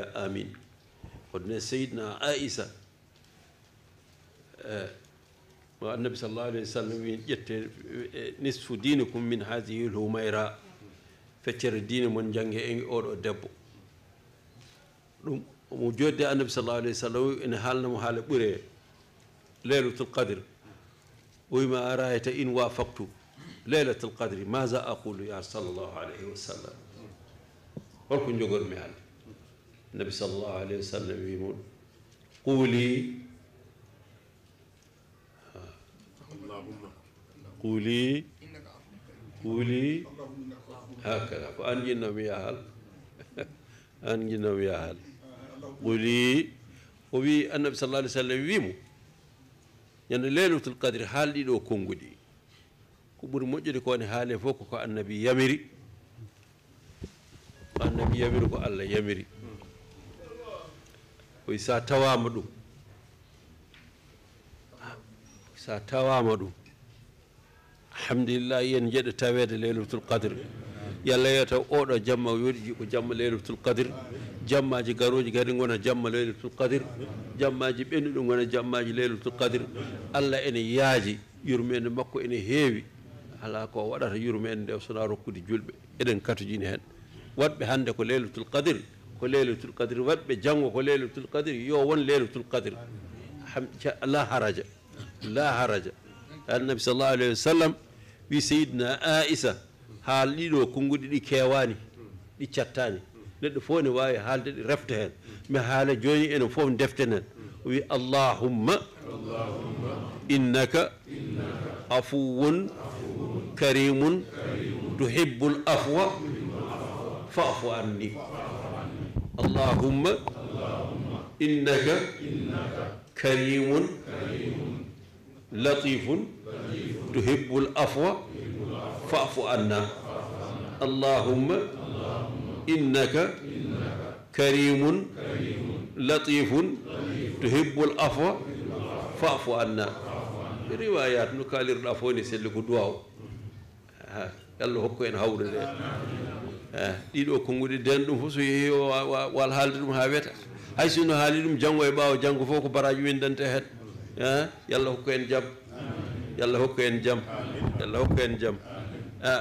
يا آمين قلنا سيدنا عائشة ما النبي صلى الله عليه وسلم نصف دينكم من هذه الهميرة feccere diine mon jange e oɗo debbo ɗum omo jodde annabi sallallahu alayhi wa sallam ene haalnamo haala ɓure leylatul qadre wima arayta in wafaktu leylatul qadre maga aqulu ya sallllahu alayhi wa sallam holko jogormi allah النبي صلى الله عليه وسلم يقول قولي قولي قولي هكذا فأنجنا وياهل أنجنا وياهل قولي وبي النبي صلى الله عليه وسلم يمو يعني ليلة القدر حال حالي لو دي كبر مجد كون حالي فوق النبي يمري النبي يمري كو الله يمري kuisatawa mudu tawa mudu alhamdulillah yen jeɗo tawede leylatul qadre yalla yeyata oɗo jamma wirji ko jamma leylatul qadre jammaji garoji gari gona jamma leylatul qadre jammaji ɓennuɗo gona jammaji leylatul qadr allah ene yaaji yurmede makko ene heewi ala ko waɗata yurmede nde sona rokkude julɓe eɗen katojini hen waɗɓe hande ko leylatul qadr كليلة القدر وب جنگ كليلة القدر يوون ليلة القدر لا حرج لا حرج النبي صلى الله عليه وسلم في آئسة حال لدو كنغو دي كيواني دي چتاني ندو فون واي حال دي رفتهن ما جوني انو فون دفتنن وي اللهم اللهم إنك عفو كريم تحب الأفوى فاعفو عني اللهم إنك كريم لطيف تحب العفو فاعف عنا اللهم إنك كريم لطيف تحب العفو فاعف عنا روايات نكالر العفو نسلك دعاء allah hokku en hawre nde ɗiɗo konnguɗe den ɗum fof so yehi o wal haalde ɗum haa weta hay sino haali ɗum janngo e ɓaawa janngo fof ko baraji windante heen yallah hokku en jam yallah hokku en jam yallah hokku en jam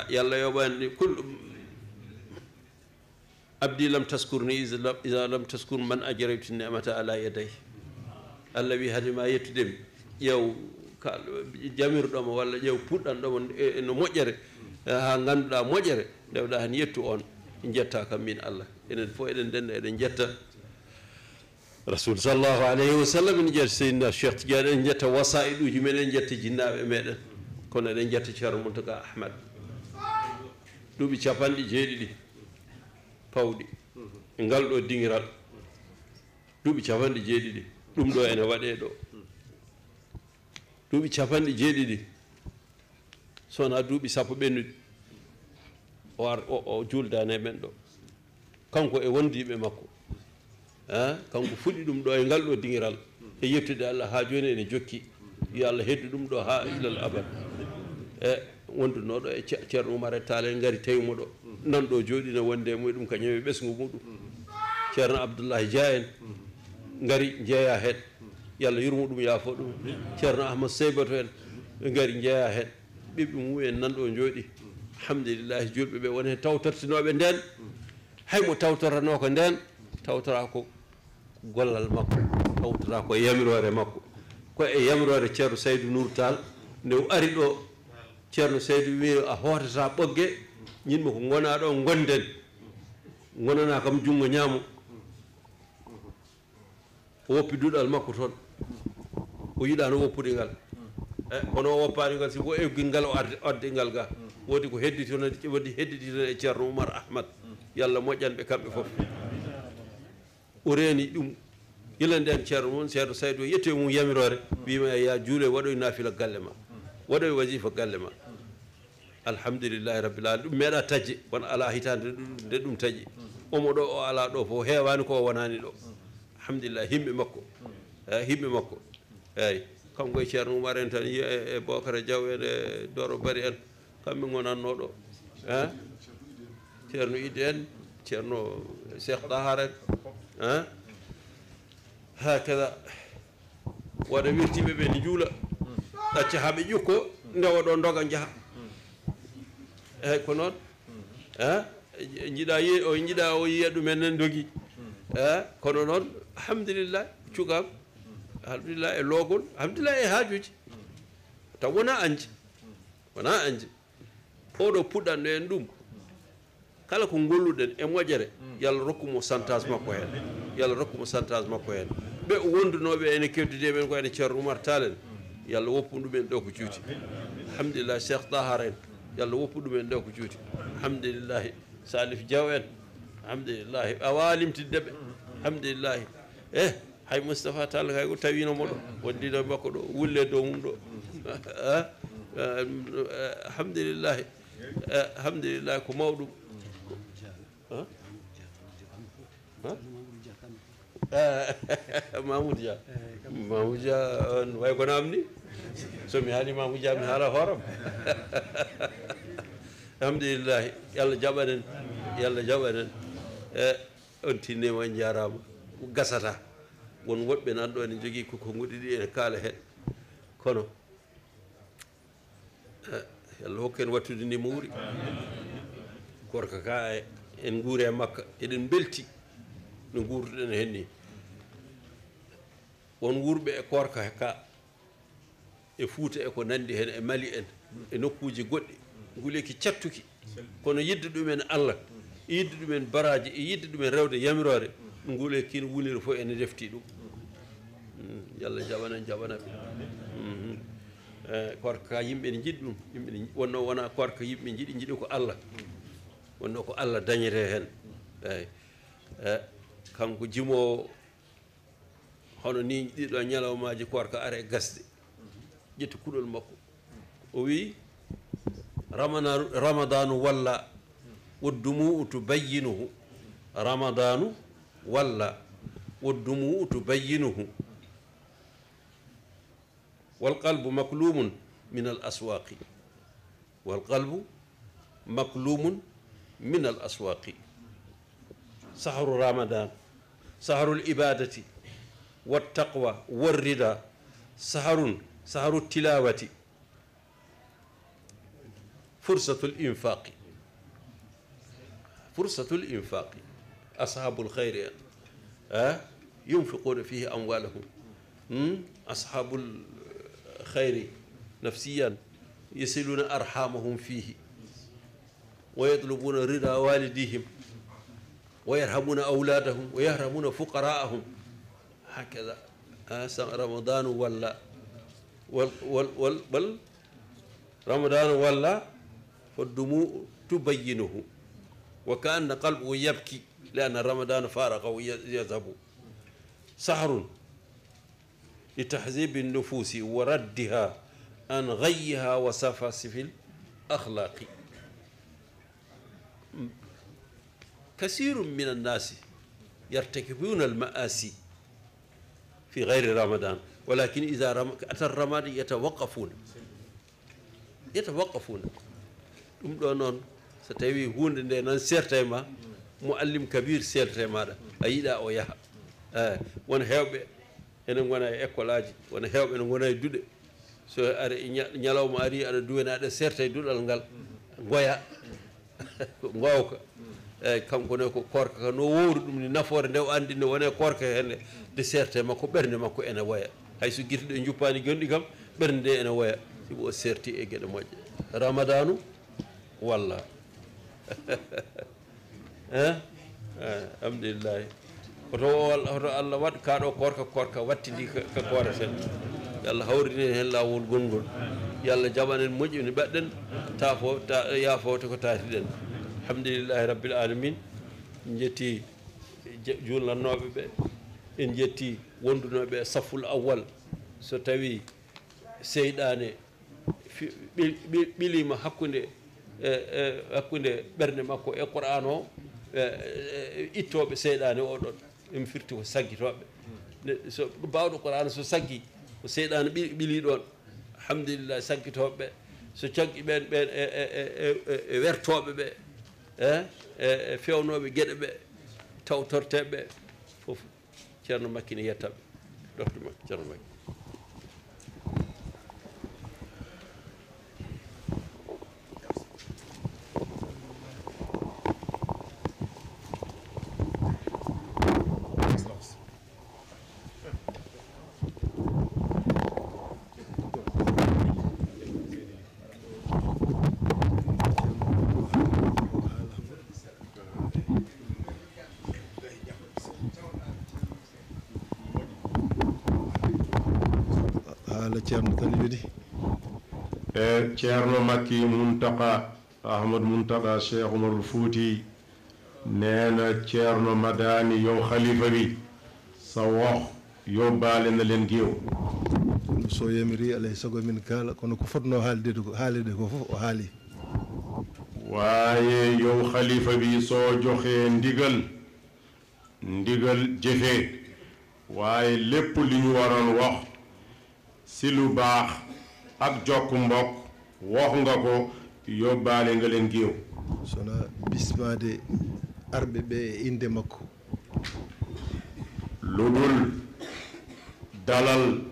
yallah yoɓa en kul abdi lam taskurni ida lam taskur man ajaraytu nemata ala yeday allah wi hade ma yettudemi ƴeew kalɗo jamirɗoma walla ƴeew puɗɗanɗoma no moƴƴere Eh, ha ganduɗa moƴere dewɗa hen yettu on jetta kam min allah enen fof eɗen denna eɗen jetta rasul sallllahu aleyhi wa sallam ene jetta seydina cheikh tidiane en jetta wasaid uji men en jetta jinnaɓe meɗen kono eɗen jetta ceero montaga ahmad duuɓi capanɗe jeeɗiɗi pawɗi e ngal ɗo diŋiral duuɓi capanɗe jeeɗiɗi ɗum ɗo ene waɗe ɗo duuɓi capanɗe jeeɗiɗi sowona duuɓi sappo ɓennuɗi o ar o o juuldani e men ɗo kanko e wondiɓe makko e kanko fuɗi ɗum ɗo e ngal ɗo diŋiral e yettude allah ha joni ene jokki yo allah heddu ɗum ɗo ha ilal abad e wondunoɗo e ceerno umar e taale ngari taymuɗo nanɗo jooɗina wonde e muɗum kañum e ɓesgu muɗum ceerno abdoullahi dia en ngari jeeya heen yo allah yur muɗum yaafo ɗum ceerno ahmad seybato en ɓe ngari jeeya heen ɓiɓɓe mum en nanɗo jooɗi alhamdulillahi julɓe ɓe woni hen tawtortinoɓe nden haymo tawtorano ko nden tawtora ko gollal makko tawtora ko e yamirore makko ko e yamirore ceerno saydou nour tall nde ari ɗo ceerno saydou wi a hootata ɓogge ñinmi ko gona ɗo gonden gonana kam junngo ñaamo o woppi duɗal makko toon o yiɗano woppude ngal Eh, ono o paani ngal si ko e eh, ngal o arde ngal ga woodi ko hedditi toon wodi hedditi toon e ceerno oumar ahmad yalla moƴƴanɓe kamɓe fof o reni ɗum yilande en ceerno mon seedo saydo yete e mum yamirore wima e ya juule waɗoy nafila galle ma wado wasifa galle ma alhamdulillahi rabbil alamin ɗum meeɗa bon ala hitande nde ɗum taƴi omo ɗo o ala ɗo fo heewani ko wonani ɗo alhamdulillah himbe makko eh, himbe makko eyi kanko e ceerno umar en tan yiya e, e bokara diaw en e doro bari en kamɓe gonanno ɗo e ceerno idde en ceerno cheikh dahar en e ha kada wona wirtiɓe ɓe ne juula ɗacca haɓe ƴukko ndewa ɗo doga jaaha eyyi ko noon e jiɗa yi o jiɗa o yiya ɗumen nan dogui e kono noon alhamdulillah cukam alhamdulillah eh, eh, e loogol alhamdulillah e haajuji taw wona anji wona anji oɗo puɗɗanɗo en ɗum kala ko golluɗen e moƴere yo allah rokkumo santage makko hen yo allah rokkumo santage makko hen ɓe wondunoɓe ene men ko ene ceerno oumar tal en yo allah woppu ɗumen ɗo ko juuti alhamdulillah cheikh tahar en yo allah woppu ɗumen ɗo ko juuti alhamdulillahi salif diaw en alhamdulillahi awalimtiddeɓe alhamdulillahi eh, hay mustapha tall kay ko tawino mo ɗo wondiɗo e makko ɗo wulle dow mum ɗo alhamdulillahi alhamdulillahi ko mawɗum mamoudou dia mamoudou dia on way ko namni somi haali mamoudou dia mi haala hooram alhamdulillahi yo allah jaɓanen yo allah jaɓanen e on tinnima en jarama gasata won woɓɓe nan ɗo ene jogii ko konguɗi ɗi ene kaala heen kono eh, allah hokku en wattude ndi muuri gorko ka en nguuri e makka eɗen mbelti no nguurduɗen heen ni won wurɓe e korka ka e fuuta e ko nanndi heen e mali en e nokkuuji goɗɗi nguleyki cattuki kono yidde ɗumen allah e yidde ɗumen baraji e yidde ɗumen rewde yamiroore nguule kin wuliri fof ene defti ɗum mm, yallah jaɓana jaɓana ɓe mm-hmm. eh, korka yimɓe ne jiɗi ɗum yimɓe wonno wona korka yimɓe jiɗi jiɗi ko allah wonno ko allah dañete hen eyi eh, kanko jimowo hono ni ɗiɗo e ñalawmaji korka ara e gasde ƴetti kuɗol makko o wi ramadanu walla woddumu utu bayyinuhu ramadanu ولا والدموع تبينه والقلب مكلوم من الأسواق والقلب مكلوم من الأسواق سحر رمضان سحر الإبادة والتقوى والرضا سحر سحر التلاوة فرصة الإنفاق فرصة الإنفاق أصحاب الخير يعني. ينفقون فيه أموالهم أصحاب الخير نفسيا يسلون أرحامهم فيه ويطلبون رضا والديهم ويرحمون أولادهم ويهرمون فقراءهم هكذا رمضان ولا وال وال وال وال رمضان ولا فالدموع تبينه وكأن قلبه يبكي لأن رمضان فارقه ويذهب سحر لتحذيب النفوس وردها عن غيها وسفاسف الأخلاق كثير من الناس يرتكبون المآسي في غير رمضان ولكن إذا رم... أتى الرمضان يتوقفون يتوقفون ɗum ɗo noon معلم كبير سيل رمارة أيدا أو يها آه وانا هيوب أنا وانا إكولاجي وانا هيوب أنا وانا يدود so aɗa ñalaw ma ari aɗa duwena aɗa serta e duɗal ngal goya gowka eyyi kanko ne ko korka ka no wowri ɗum ni nafoore nde o andi ne wone korka henne de serte makko ɓernde makko ene woya hay so guite ɗe juppani gonɗi kam ɓernde nde ene woya sibo o serti e gueɗe moƴƴe ramadanu walla Eh? Eh, alhamdulillahi hoto allah waɗ kaɗo korka korka wattindi ka koreten yo allah hawrini hen lawol gongol yo allah jaɓanen moƴƴi no ɓeɗɗen tafo yafowte ko taatiɗen alhamdulillahi rabbil alamin en jetti julnannoɓe ɓe en jetti wondunoɓe safful awwal so tawi seyɗane ɓilima hakkude eh, hakkude ɓerde makko e qur'an o ittoɓe seyɗani o ɗon emi firti ko saggitoɓe so bawɗo qur'ana so saggi ko seyɗani ɓili ɗon alhamdulillah saggitoɓe ɓe so caggi ɓen ɓen e wertoɓe ɓe e fewnoɓe gueɗe ɓe tawtorteɓe ɓe fof ceerno makki ne yettaɓe dofte makki ceerno makki Ceerno Makki Muntaqa Ahmad Muntaqa Cheikh Umarul Fuuti nee na Ceerno Madani yow xalifa bi sa wax yóbbaale na leen géew ɗum so yamiri alay sago min kaala kono ko fotno haaldede ko haalede ko fof o haali waaye yow xalifa bi soo joxee ndigal ndigal jëfee waaye lépp li ñu waroon wax si lu baax ak jokk mbokk wax nga ko yóbbaale nga leen géew sona bismade arɓe ɓe e inde makko lu dul dalal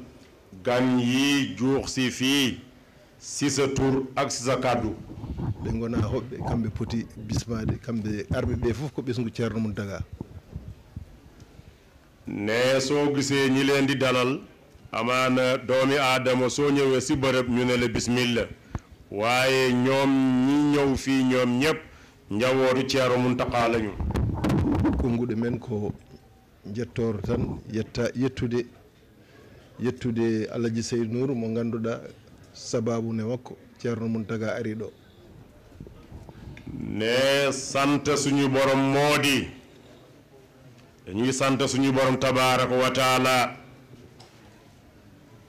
gan yi juux si fii si sa tur ak si sa kàddu ɓe gona hoɓɓe kamɓe poti bismade kamɓe arɓe ɓe fof ko ɓesgu ceerno mum daga ne soo gisee ñi leen di dalal amaana doomi aadama soo ñëwee si bërëb ñu ne la bismillah waaye ñoom ñi ñëw fii ñoom ñëpp njaboodu ceeru muntaqa lañu kunguɗe men ko njettoor tan yetta yettude yettude alaji sey nour mo ngannduɗa sababu ne makko ceerno muntaga ari ɗo ne sante suñu borom moodi dañuy sante suñu borom tabaraka wa taala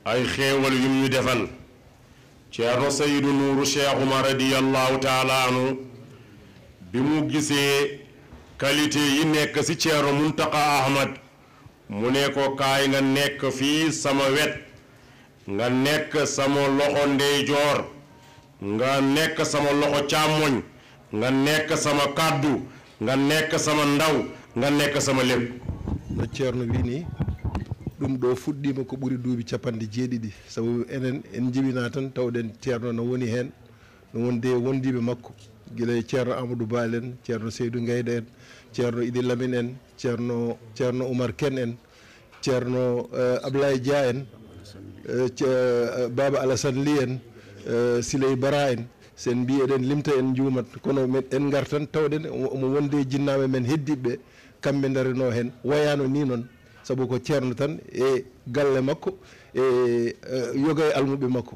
ay xéewal yum ñu defal ceerno sayidu nuuru cheikh umar radiallahu taala anu bi mu gisee qualité yi nekk ci ceerno muntaqa ahmad mu ne ko kaay nga nekk fii sama wet nga nekk sama loxo ndeyjoor nga nekk sama loxo càmmoñ nga nekk sama kàddu nga nekk sama ndaw nga nekk sama lépp na ceerno bii nii dum do fuɗɗima ko buri duubi capanɗe jeedidi sabu enen en jibina tan tawden cierno no woni hen no wonde wondibe makko guila e cierno amadou balen cierno seydou gayda en ceerno idi lamine en ceerno ceerno oumar ken en cierno uh, eh, ablaye dia en uh, baba alassane lien en uh, siley bara en sen bi eden limta en juumat kono en gartan tawden mo wonde jinnaabe men kambe kamɓe no hen wayano ni non saabu ko ceerno tan e galle makko e, e yogay almuɓe makko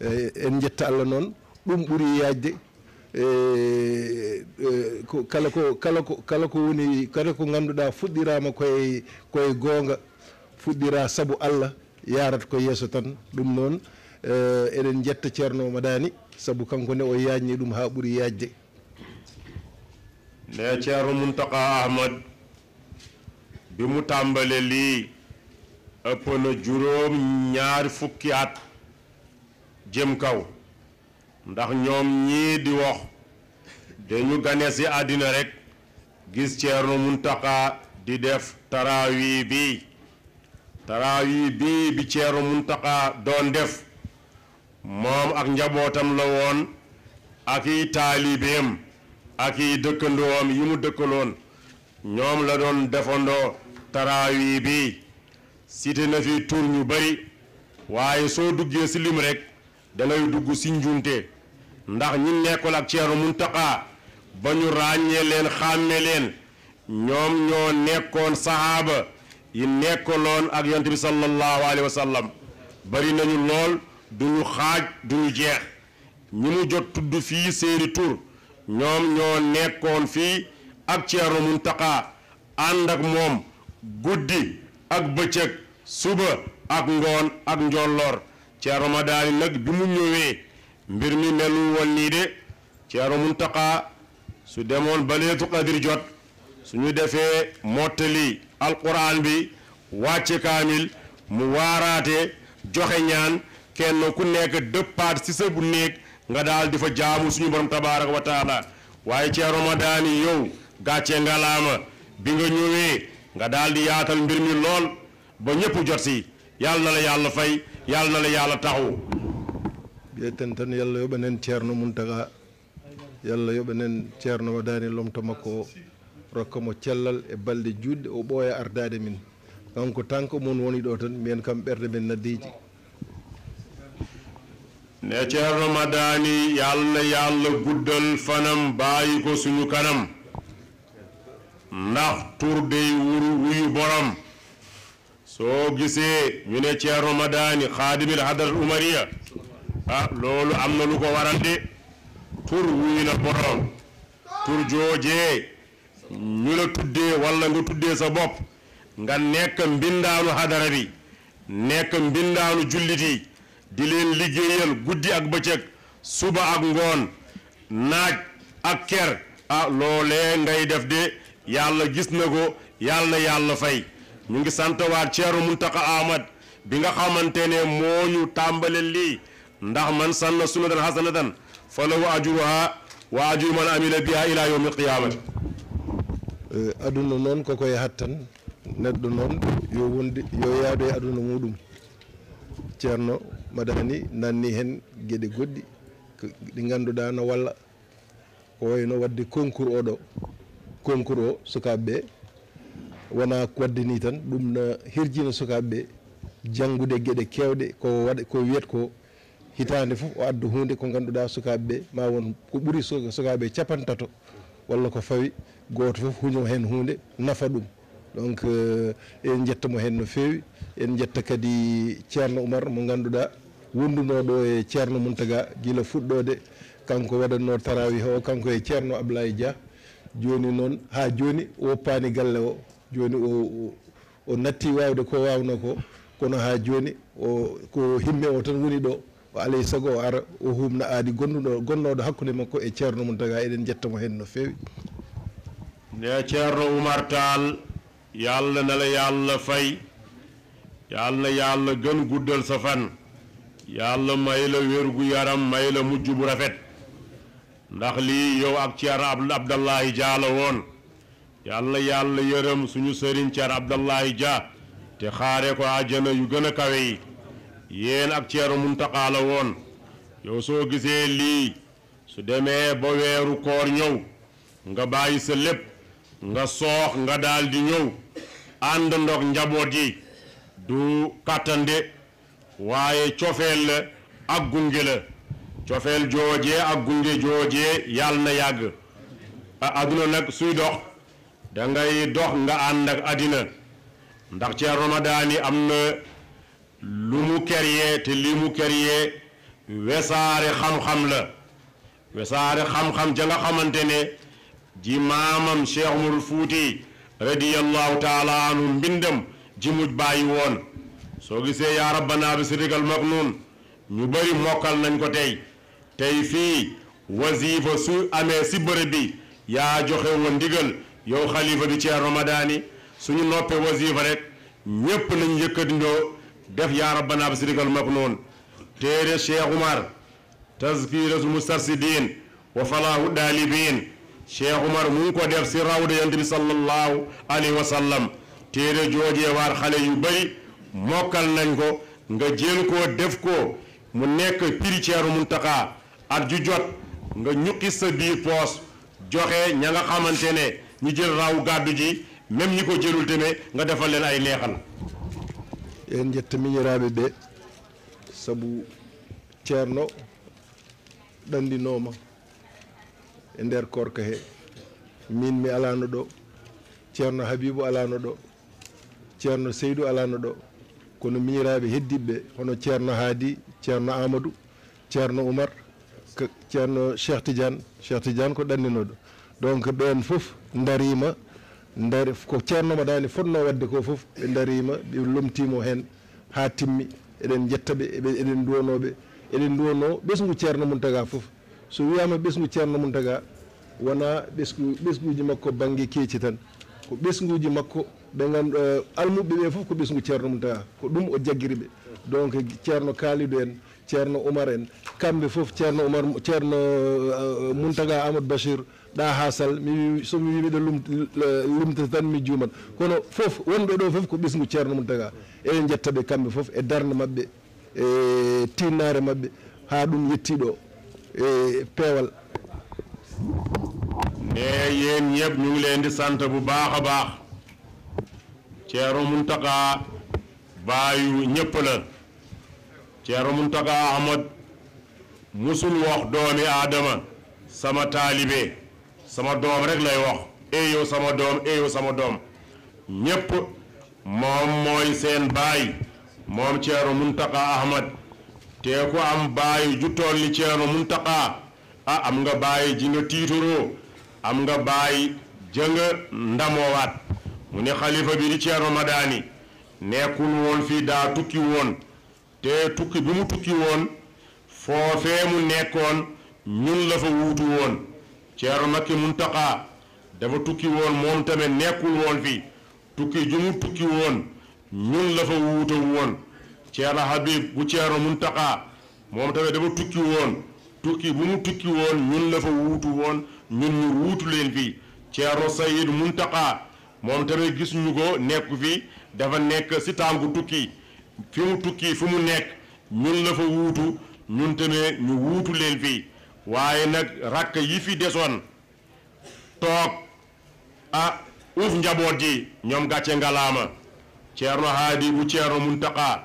e, en jetta allah noon ɗum ɓuuri yajde e, ko kala ko kala ko kala ko woni kala ko ganduɗa fuɗɗirama koye koye gonga fuɗɗira saabu allah yarata ko yesso tan ɗum noon eɗen jetta ceernoma dani saabu kanko ne o yajni ɗum ha ɓuuri yajde nde ceerno mountaka ahmad bi mu tàmbale lii ëpp na juróom ñaari fukki at jëm kaw ndax ñoom ñii di wax dañu gane si àddina rekk gis mu Muntaxa di def taraawi bi taraawi bi bi mu Muntaxa doon def moom ak njabootam la woon ak i taalibeem ak i dëkkandoom yi mu dëkkaloon ñoom la doon defandoo taraawi bi cité na fi tur ñu bari waaye soo duggee ci lim rekk dalay dugg ci njuumte ndax ñi nekkoon ak Ceerno Muntaqa ba ñu ràññee leen xàmme leen ñoom ñoo nekkoon sahaaba yi nekkaloon ak yonent bi sallallahu alayhi wa sallam bari nañu lool duñu xaaj duñu jeex ñi mu jot tudd fii seeni tur ñoom ñoo nekkoon fii ak Ceerno Muntaqa ànd ak moom guddi ak bëccëg suba ak ngoon ak njolloor Ceerno Madani nag bi mu ñëwee mbir mi melul nii de Ceerno Muntaqa su demoon ba leetu jot su ñu defee mottali alxuraan bi wàcce kaamil mu waaraate joxe ñaan kenn ku nekk dëppaat ci sa néeg nga daal di fa jaamu suñu borom tabaaraka wa taala waaye Ceerno Madani yow gàcce ngalaama bi nga ñëwee nga daal di yaatal mbir mi lool ba ñëpp jot si yàlla na la yàlla fay yàlla na la yàlla taxu biyeten tan yàlla yóba neen ceerno muntaga yàlla yóba neen ceerno ma daani lomta ma koo rokka mo cellal e balɗe juutɗe o ɓooya ardaade min kanko tant que mun woni ɗoo tan miyen kam ɓerde men naddiiji ne ceerno ma daani yàlla yàlla guddal fanam bàyyi ko suñu kanam ndax tur day wuru wuyu borom soo gisee ñu ne Ceerno Madani xaadimil hadaratul umariya ah loolu am na lu ko waral de tur wuyu na borom tur joojee ñu la tuddee walla nga tuddee sa bopp nga nekk mbindaanu hadara nekk mbindaanu jullit di leen liggéeyal guddi ak bëccëg suba ak ngoon naaj ak ker ah loolee ngay def de yàlla gis na ko yàlla na yàlla fay ñu ngi santawaat Ceerno Muntaqa Ahmad bi nga xamante ne moo ñu tàmbale lii ndax man sanna sunnatan hasanatan falahu ajruha wa ajru man amila biha ila yawmi alqiyamati aduna noon koko yahattan neɗɗo noon yo wonde yo yaado e aduna muɗum ceerno madani nanni hen gueɗe goɗɗi ɗi ganduɗa no walla ko wayno concours oɗo concour o sukaɓeɓe wona kodde ni tan ɗum no herjina sukaɓeɓe jangude gueɗe kewɗe ko waɗa ko wiyata ko hitande foof o addu hunde ko ganduɗa sukaɓeɓe ma won ko ɓuuri sukaɓe capan tato walla ko fawi goto foof huño hen hunde nafa ɗum donc eh, en jettamo hen no fewi en jetta kadi ceerno oumar mo ganduɗa wondunoɗo e ceerno muntaga guila fuɗɗode kanko waɗannoo tarawi ha o kanko e ceerno ablaye dia joni noon ha joni woppani galle o joni o o natti wawde ko wawno ko kono ha joni o ko himɓe o tan woni ɗo o alay saago o ara o humna aadi gonduɗo gonnoɗo hakkude makko e ceerno mum taga eɗen jettamo hen no fewi nde ceerno oumar tall yo allah nala yo allah fay yo allah yo allah gan guddal sa fan yo allah mayla wergu yaram mayla mujju bu rafet ndax lii yow ak Ceer Abdallahi Dia la woon yàlla yàlla yërëm suñu sëriñ Ceer Abdallahi Dia te xaare ko àjjana yu gën a kawe yi yéen ak Ceeru Muntaqa la woon yow soo gisee lii su demee ba weeru koor ñëw nga bàyyi sa lépp nga soox nga daldi ñëw ànd ndox njaboot yi du kàttande waaye cofeel la ak gunge la cofeel jooje ak gunge joojee yàlla na yàgg adduna nag suy dox da dox nga ànd ak addina ndax ci ramadaan am na lu mu keryee te li mu keryee wesaare xam-xam la wesaare xam-xam ja nga xamante ne ji maamam Cheikh Umar Fuuti radiyallahu taala mbindam ji muj bàyyi woon soo gisee yaa rabbanaa bi sidikal maknuun ñu bari mokkal nañ ko tey tey fii wasifa su amee si bërëb bi yaa joxe woon ndigal yow xalifa bi Thierno Madani suñu noppee wasifa rek ñépp nañ yëkkatindoo def yaa rabbana bi sidikal maknoon téere Cheikh Oumar tazkiratu mustarsidin wa falahu daalibin Cheikh Oumar mu ngi ko def si rawda yonent bi sallallahu alayhi wa téere joojee xale yu bëri mokkal nañ ko nga jén ko def ko mu nekk pricièru Muntaqa ak ju jot nga ñuqi sa biir poos joxe ña nga xamante ne ñu jël raawu gàddu ji même ñi ko jërul tamit nga defal leen ay leexal yéen njëtt mi ñu raabi bee sabu ceerno dandi nooma e ndeer korka he min mi alaano ɗo ceerno habibu alaano ɗo ceerno seydou alaano ɗo kono miñiraaɓe heddiɓe ɓe hono ceerno haadi ceerno amadou ceerno oumar ceerno cheikh tidiane cheikh tidiane ko ɗannino ɗo donc ɓen fof darima dari ko ceernoma dani fotno wadde ko fof ɓe darima ɓe lomtimo hen ha timmi eɗen jettaɓe eɗen duwanoɓe eɗen duwano ɓesgu ceerno muntaga foof so wiyama ɓesgu ceerno muntaga wona ɓesgu ɓesguji makko banggue keeci tan ko ɓesguji makko ɓe ganduɗa almuɓeɓe foof ko ɓesgu ceerno muntaga ko ɗum o jagguiriɓe donc ceerno kaalido en ceerno oumar en kamɓe fof ceerno oumar ceerno euh, mountaga amadou bachir da ha mi wi somi wi miɗo lumtata tan mi juumat kono fof wonɓe ɗo fof ko ɓisgu ceerno mountaga eɗen jettaɓe kamɓe fof e darde mabbe e tinnare mabɓe ha ɗum yettiɗo e peewal ne yéen ñëpp ñu ngi leen di sant bu baax a baax ceerno mountaga baayu ñëpp la Ceerno Muntaka Ahmad musul wax doomi aadama sama taalibe sama doom rek lay wax eyow doom sama doom ñépp moom seen baay moom Ceerno Muntaka Ahmad te am baay ju toll ni Ceerno Muntaka ah am nga baay ji nga am nga baay jënga ndamoowaat mu ne xalifa bi di Ceerno Madani nekkul woon fii daa tukki woon te tukki bi mu tukki woon foofee mu nekkoon ñun la fa wuutu woon Ceerno Makki Muntaxa dafa tukki woon moom tamit nekkul woon fii tukki ju mu tukki woon ñun la fa wuuta woon Ceerno Habib bu Ceerno Muntaxa moom tamit dafa tukki woon tukki bu tukki woon ñun la fa wuutu woon ñun ñu wuutu leen fii Ceerno Sayid Muntaxa moom tamit gis ñu ko nekku fii dafa nekk si tànku tukki fi tukki fu mu nekk ñun la fa wutu ñun tamit ñu wutu leen fi waaye nag rakk yi fi desoon toog a ah, uuf njaboot ji ñoom gàcce ngalaama ceerno haadi bu ceerno muntaqa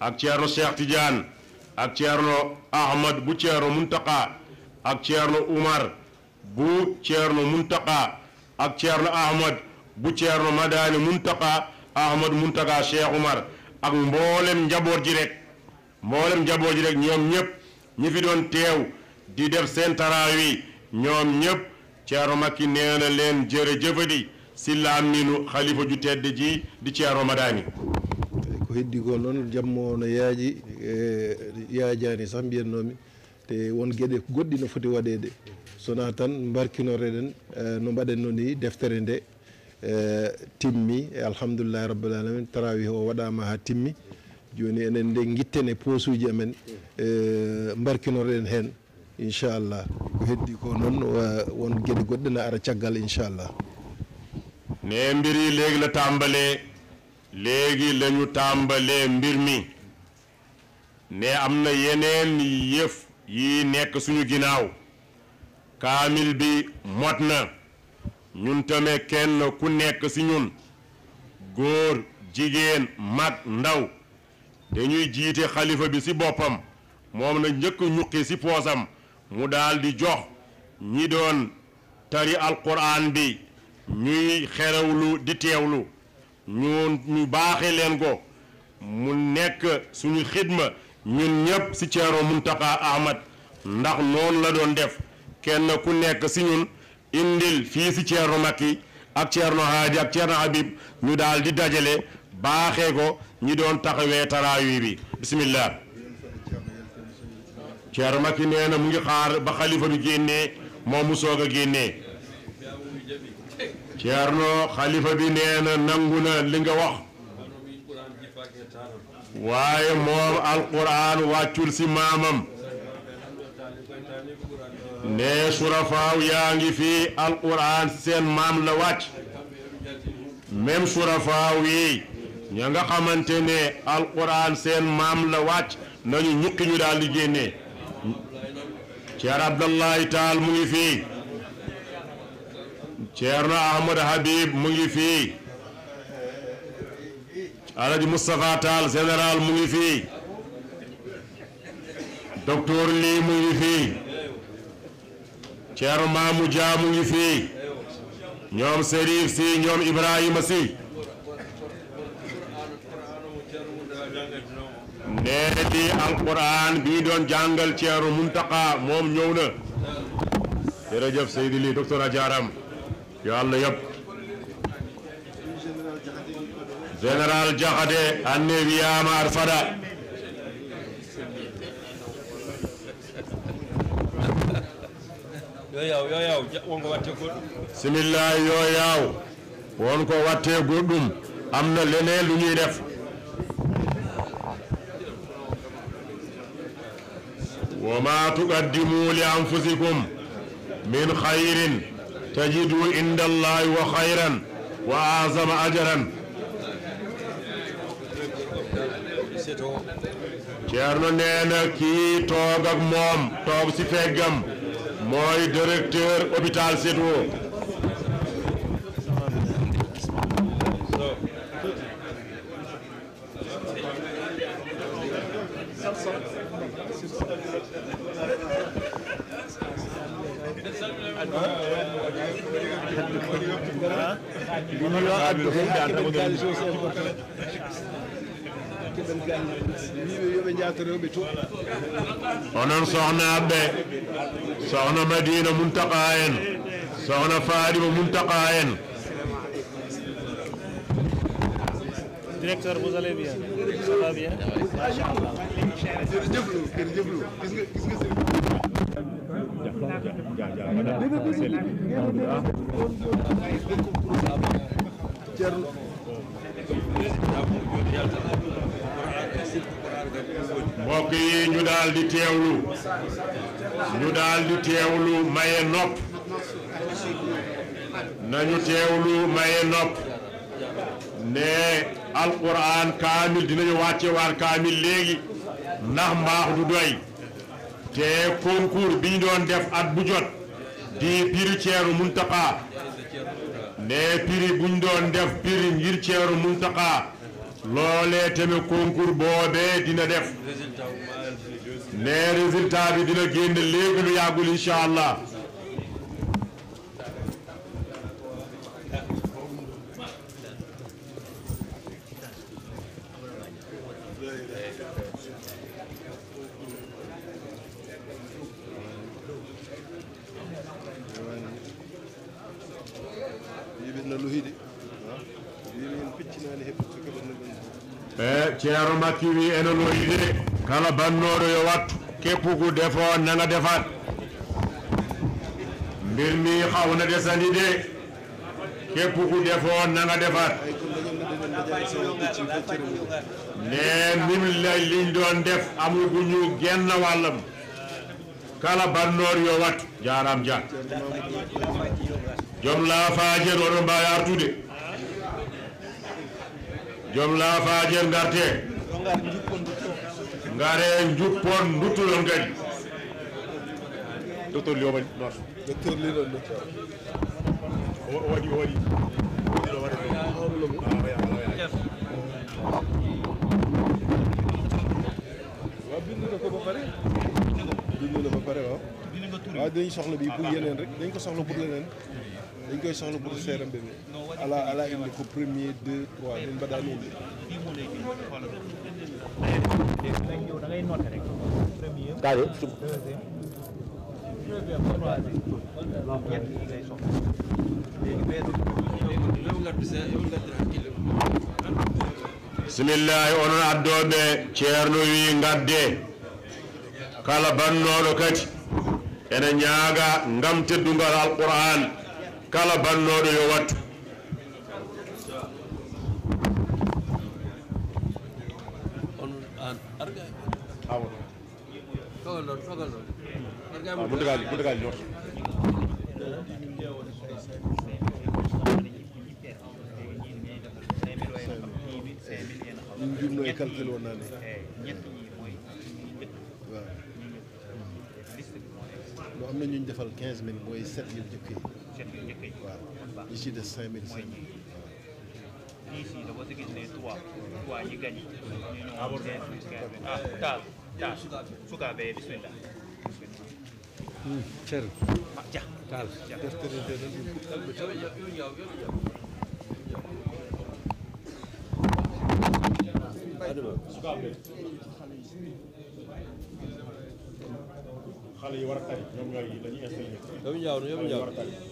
ak ceerno cheikh tidiane ak ceerno ahmad bu ceerno muntaqa ak ceerno umar bu ceerno muntaqa ak ceerno ahmad bu ceerno madani muntaqa ahmad muntaqa cheikh umar ak mboolem njaboot ji rek mboolem njaboot ji rek ñoom ñëpp ñi fi doon teew di def seen taraaw yi ñoom ñëpp ceero makki nee na leen jëre jëfadi si laaminu xalifa ju tedd ji di ceero madaani ko heddigoo noon jammoo no yaaji e, yaajaani sax mbiyennoomi te won geɗe goɗɗi no foti waɗeede sonaa tan mbarkinoreɗen e, no mbaɗen no nii deftere ndee Eh, timmi e alhamdulillahi rabbil alamin tarawih o waɗama ha timmi joni enen nde guittene posuji amen eh, mbarkinoroɗen hen inchallah ko heddi ko noon won gueɗe goɗɗe ne ara caggal inchallah ne mbiri léegi la tàmbalee léegi la tàmbalee mbir mi ne am na yeneen yëf yi nekk suñu ginnaaw kaamil bi mot na ñun tamit kenn ku nekk ci ñun góor jigéen mag ndaw dañuy jiite xalifa bi ci boppam moom na njëkk ñuqi ci poosam mu daldi jox ñi doon tari alquran bi ñuy xerewlu di teewlu ñun ñu baaxe leen ko mu nekk suñu xidma ñun ñépp ci Ceerno Muntaxa Ahmad ndax noonu la doon def kenn ku nekk ci ñun indil fii si Thierno Macky ak Thierno Hadi ak Thierno Habib ñu daal di dajale baaxee ko ñi doon taxawee taraawi bi bismillah Thierno Macky nee na mu ngi xaar ba xalifa bi génnee moom mu soog a génnee Thierno xalifa bi nee na nangu na li nga wax waaye moom alquran wàccul si maamam ne surafaaw yaa ngi fi alquran seen maam la wàcc même surafaaw yi ña nga xamante ne alquran seen maam la wàcc nañu ñukki ñu daal di génnee ceer abdallahi taal mu ngi fii ceerno ahmad habib mu ngi fii alaji moustapha taal général mu ngi fii docteur lii mu ngi fii Ceerno Maamu Dia mu ngi fii ñoom Serif si ñoom Ibrahima si nee di alquran bii doon jàngal Ceerno Muntaqa moom ñëw na jërëjëf Seydi Ly docteur a jaaraam yo Allah yëpp anne wiyaama ar fada yo yaw yo yaw wonko watte goɗɗum similla yo yaw wonko watte goɗɗum am na leneen lu ñuy def وما تقدموا لأنفسكم من خير تجدوا عند الله وخيرا وأعظم أجرا ceerno nee na kii toog ak moom toog si feggam mooy directeur hôpital Sédhiou Bunu da onon sohnaɓe sohna madina muntaka en sohna fadima muntaka en directeur vous allez bien ça va bien jërëjëf lu jërëjëf lu gis nga gis nga Cerno mbokk yi ñu daal di teewlu ñu daal di teewlu maye nopp nañu teewlu maye nopp ne alquran kaamil dinañu wàcce waat kaamil léegi ndax mbaax du doy te concours bi ñu doon def at bu jot di prix Thierno Mountakha ne prix bu ñu doon def prix ngir Thierno Mountakha loolee tamit concours boobee dina def ne résultat bi dina génn léegi lu yàggul incha e ceerno makki wi ene loyide kala bannoɗo yo wat keppugu defo nanga defat mbir mi xawna desandi de keppugu defo nanga defat ne min la liñ doon def amuguñu genn wàllam kala bannoor yo wat jaram dia jom la faaje ɗoɗo mbawi artude jom laa faajer ngarte ngare juppon duttulon kadi docteur li o waɗi marche ko ba pare binduno ba pare waaw waaw dañ soxla bi pour yeneen rek dañ ko soxla pour leneen dañ koy soxla pour CRMP bi ala ala indi ko premier deux trois dañ ba daan indi. daal di. bisimillahi onon addoɓe ceerno wi gadde kala bannoɗo kadi ene ñaaga ngam teddugal alqur'an kala bannoɗo yo wattu jumno e calcul 15 mille 7 sept yu njëkk yi. waaw li ci des cinq mille cinq mille waaw. lii si dafa gis ne trois trois yi gañ. Ah, ah taal taal sukaabe bismillah. Thiel. Hmm, ah Dia. taal xale yi war a tari ñoom ñooy dañuy installé. ñoom ñaaw ñoom ñaaw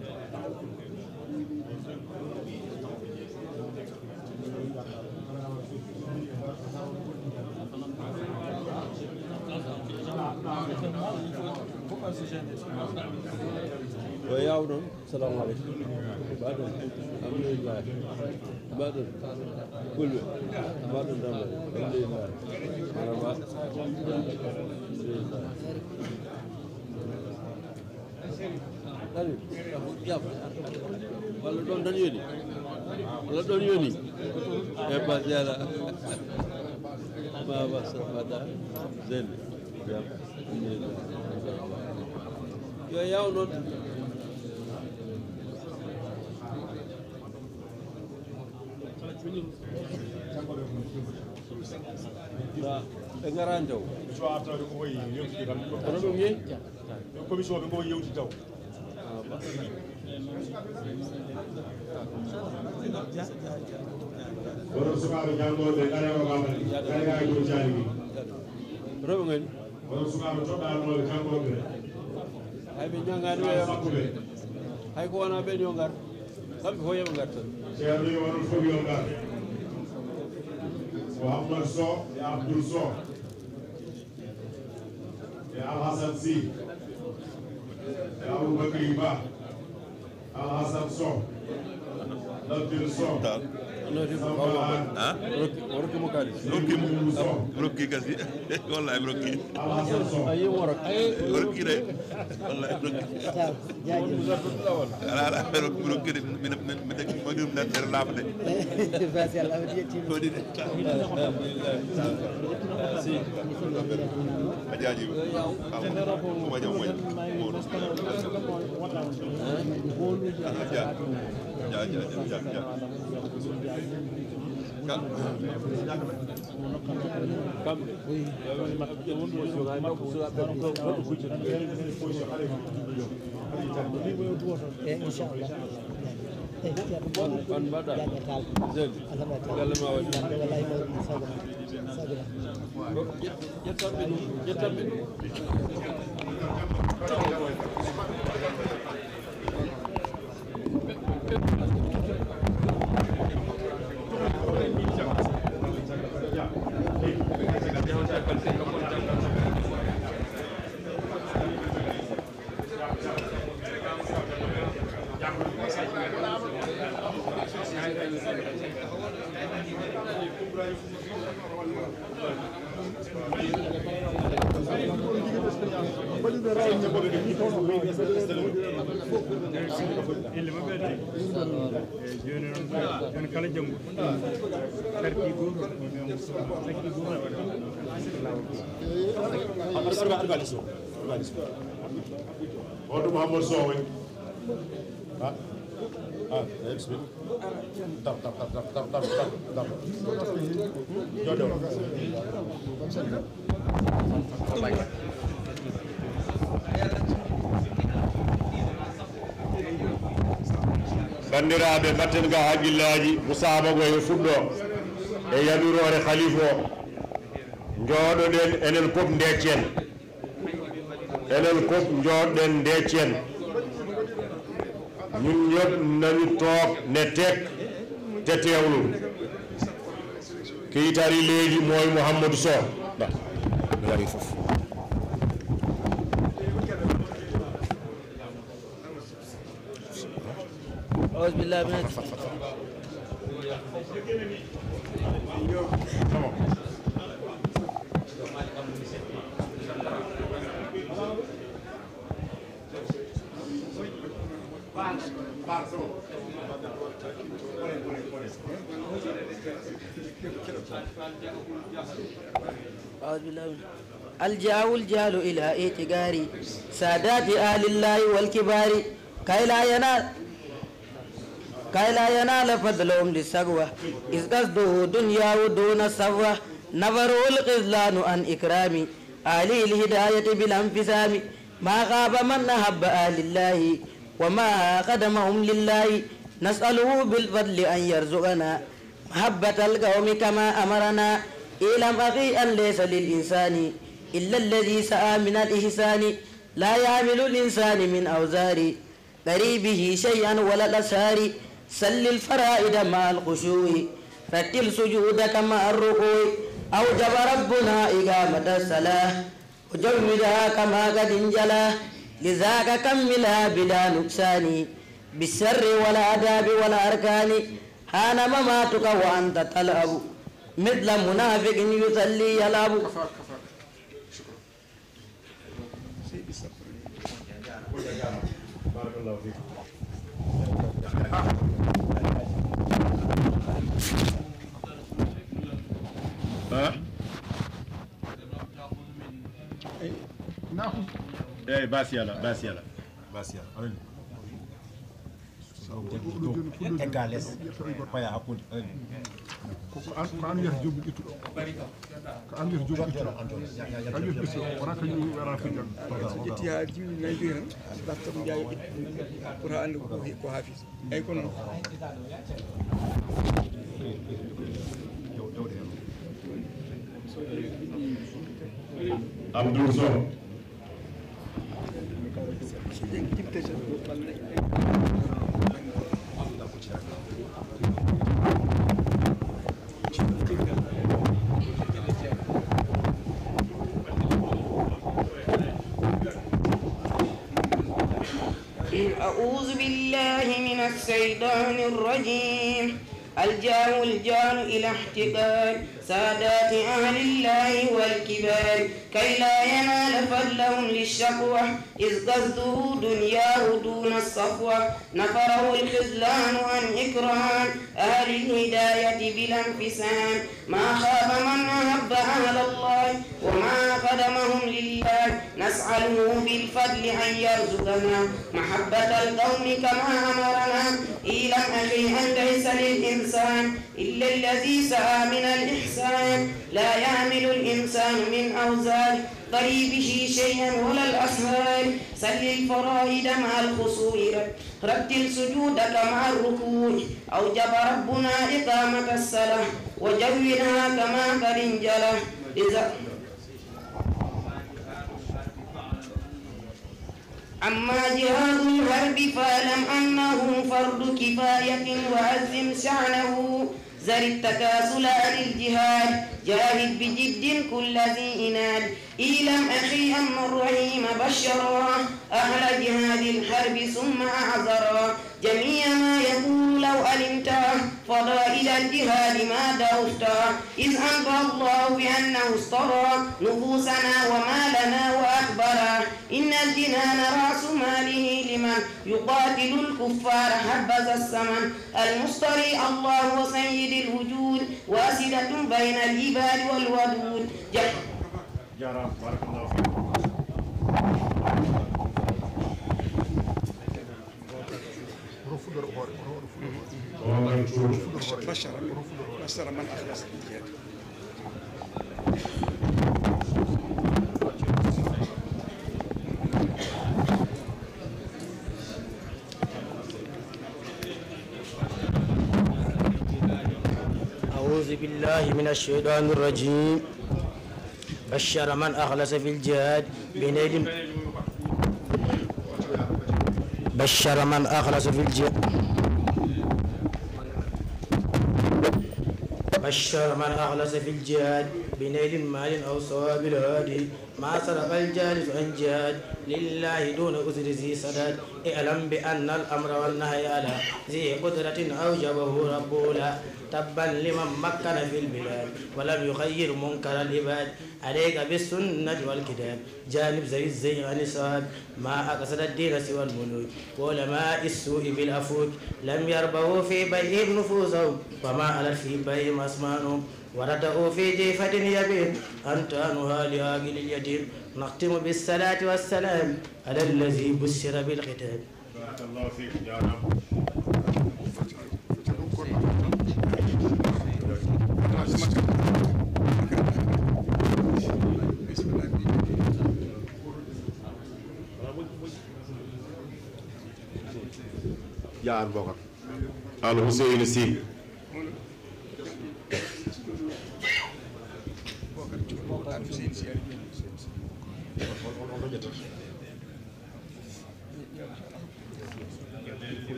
السلام عليكم بعدهم الحمد لله بعدهم كل بعدهم دولة الحمد لله على بعض الحمد لله Tadi, ya, kalau don don yoni, kalau don yoni, hebat ya lah. Bapa serpada, zen, ya, ini, ya, ya, non. n e n e g a r a n j a o u h ceerno yo onon fof yo ngar ko hammat sow e abdoul sow e alhasan sy e aboubacry ba alhasan sow labdil sow ah rokkimu rokki kasi wallahi rokki rokki de wallahi rokki ala rokki de min min de mo dum na ter lab de ajaji ma jam moy mo ja ja ja ja Zettan bi ɗum ƴettan bi ɗum coalition coalition oto Mouhamadou Sow we ah ah explique tap tap tap tap tap tap tap jodo bandiraɓe batten ga haqqillaji musabago e fuɗɗo e yamirore halife o jooɗoɗen enen fof ndecen enen fof jooɗen ndeecen ñun ñëpp nañu toog ne teg te teewlu ki mooy Mouhamadou Sow أعوذ بالله الجاء والجهل إلى إتقاري سادات أهل الله والكبار كي لا ينال كي لا ينال فضلهم للسقوة إذ قصده دنيا ودون سوى نفر الخذلان عن إكرامي أهل الهداية بالانفسام ما غاب من أحب أهل الله وما قدمهم لله نسأله بالفضل أن يرزقنا محبة القوم كما أمرنا إلى أخي أن ليس للإنسان إلا الذي سعى من الإحسان لا يعمل الإنسان من أوزار قريبه شيئا ولا الأسهار سل الفرائد مع الخشوع رتل سجودك مع الركوع أوجب ربنا إقامة الصلاة وجمدها كما قد انجلاه لذاك كملها بلا نقصان بالسر ولا اركان هان مماتك وأنت تلعب مثل منافق يصلي يلعب بارك الله فيكم ناخذ eh baasi y'a la baasi y'a la baasi y'a la egales أعوذ بالله من الشيطان الرجيم الجاه الجاه إلى احتقان سادات أهل الله والكبار كي لا ينال فضلهم للشقوة إذ قصده دنياه دون الصفوة نفره الخذلان عن إكرام أهل الهداية بلا انفسام ما خاب من أحب أهل الله وما قدمهم لله نسأله بالفضل أن يرزقنا محبة القوم كما أمرنا إلى أخي أن ليس للإنسان إلا الذي سعى من الإحسان الإحسان لا يعمل الإنسان من أوزار قريبه شيئا ولا الأسهال سل الفرائد مع الخصوع رتل سجودك مع الركوع أوجب ربنا إقامة الصلاة وجونا كما قد انجلى إذا أما جهاد الحرب فاعلم أنه فرض كفاية وعزم شعنه زر التكاسل عن الجهاد جاهد بجد كل ذي إناد إيلم أخي أم الرعيم بشرا أهل جهاد الحرب ثم أعذرا جميع ما يقول لو علمت فضائل الجهاد ما درسته إذ أنبى الله بأنه اشترى نفوسنا ومالنا وأخبره إن الجنان رأس ماله لمن يقاتل الكفار حبز السمن المشتري الله وسيد الوجود واسدة بين العباد والودود جرى بارك الله فيكم أعوذ بالله من الشيطان الرجيم بشر من أخلص في الجهاد بنيل بشر من أخلص في الجهاد بشر من أخلص في الجهاد بنيل مال أو صواب الهادي ما صرف الجالس عن جهاد لله دون عذر ذي صدد اعلم بأن الأمر والنهي على ذي قدرة أوجبه ربه لا تبا لمن مكن في البلاد ولم يغير منكر العباد عليك بالسنة والكتاب جانب زي الزي عن الصواب ما أقصد الدين سوى الملوك وعلماء السوء بالأفوك لم يربوا في بيهم نفوسهم وما على في بيهم أسمانهم وردوا في جيفة يبين أنت أنها لآجل اليتيم نختم بالصلاة والسلام على الذي بسر بالقتال يا رب يا أبو الحسين السيد لذلك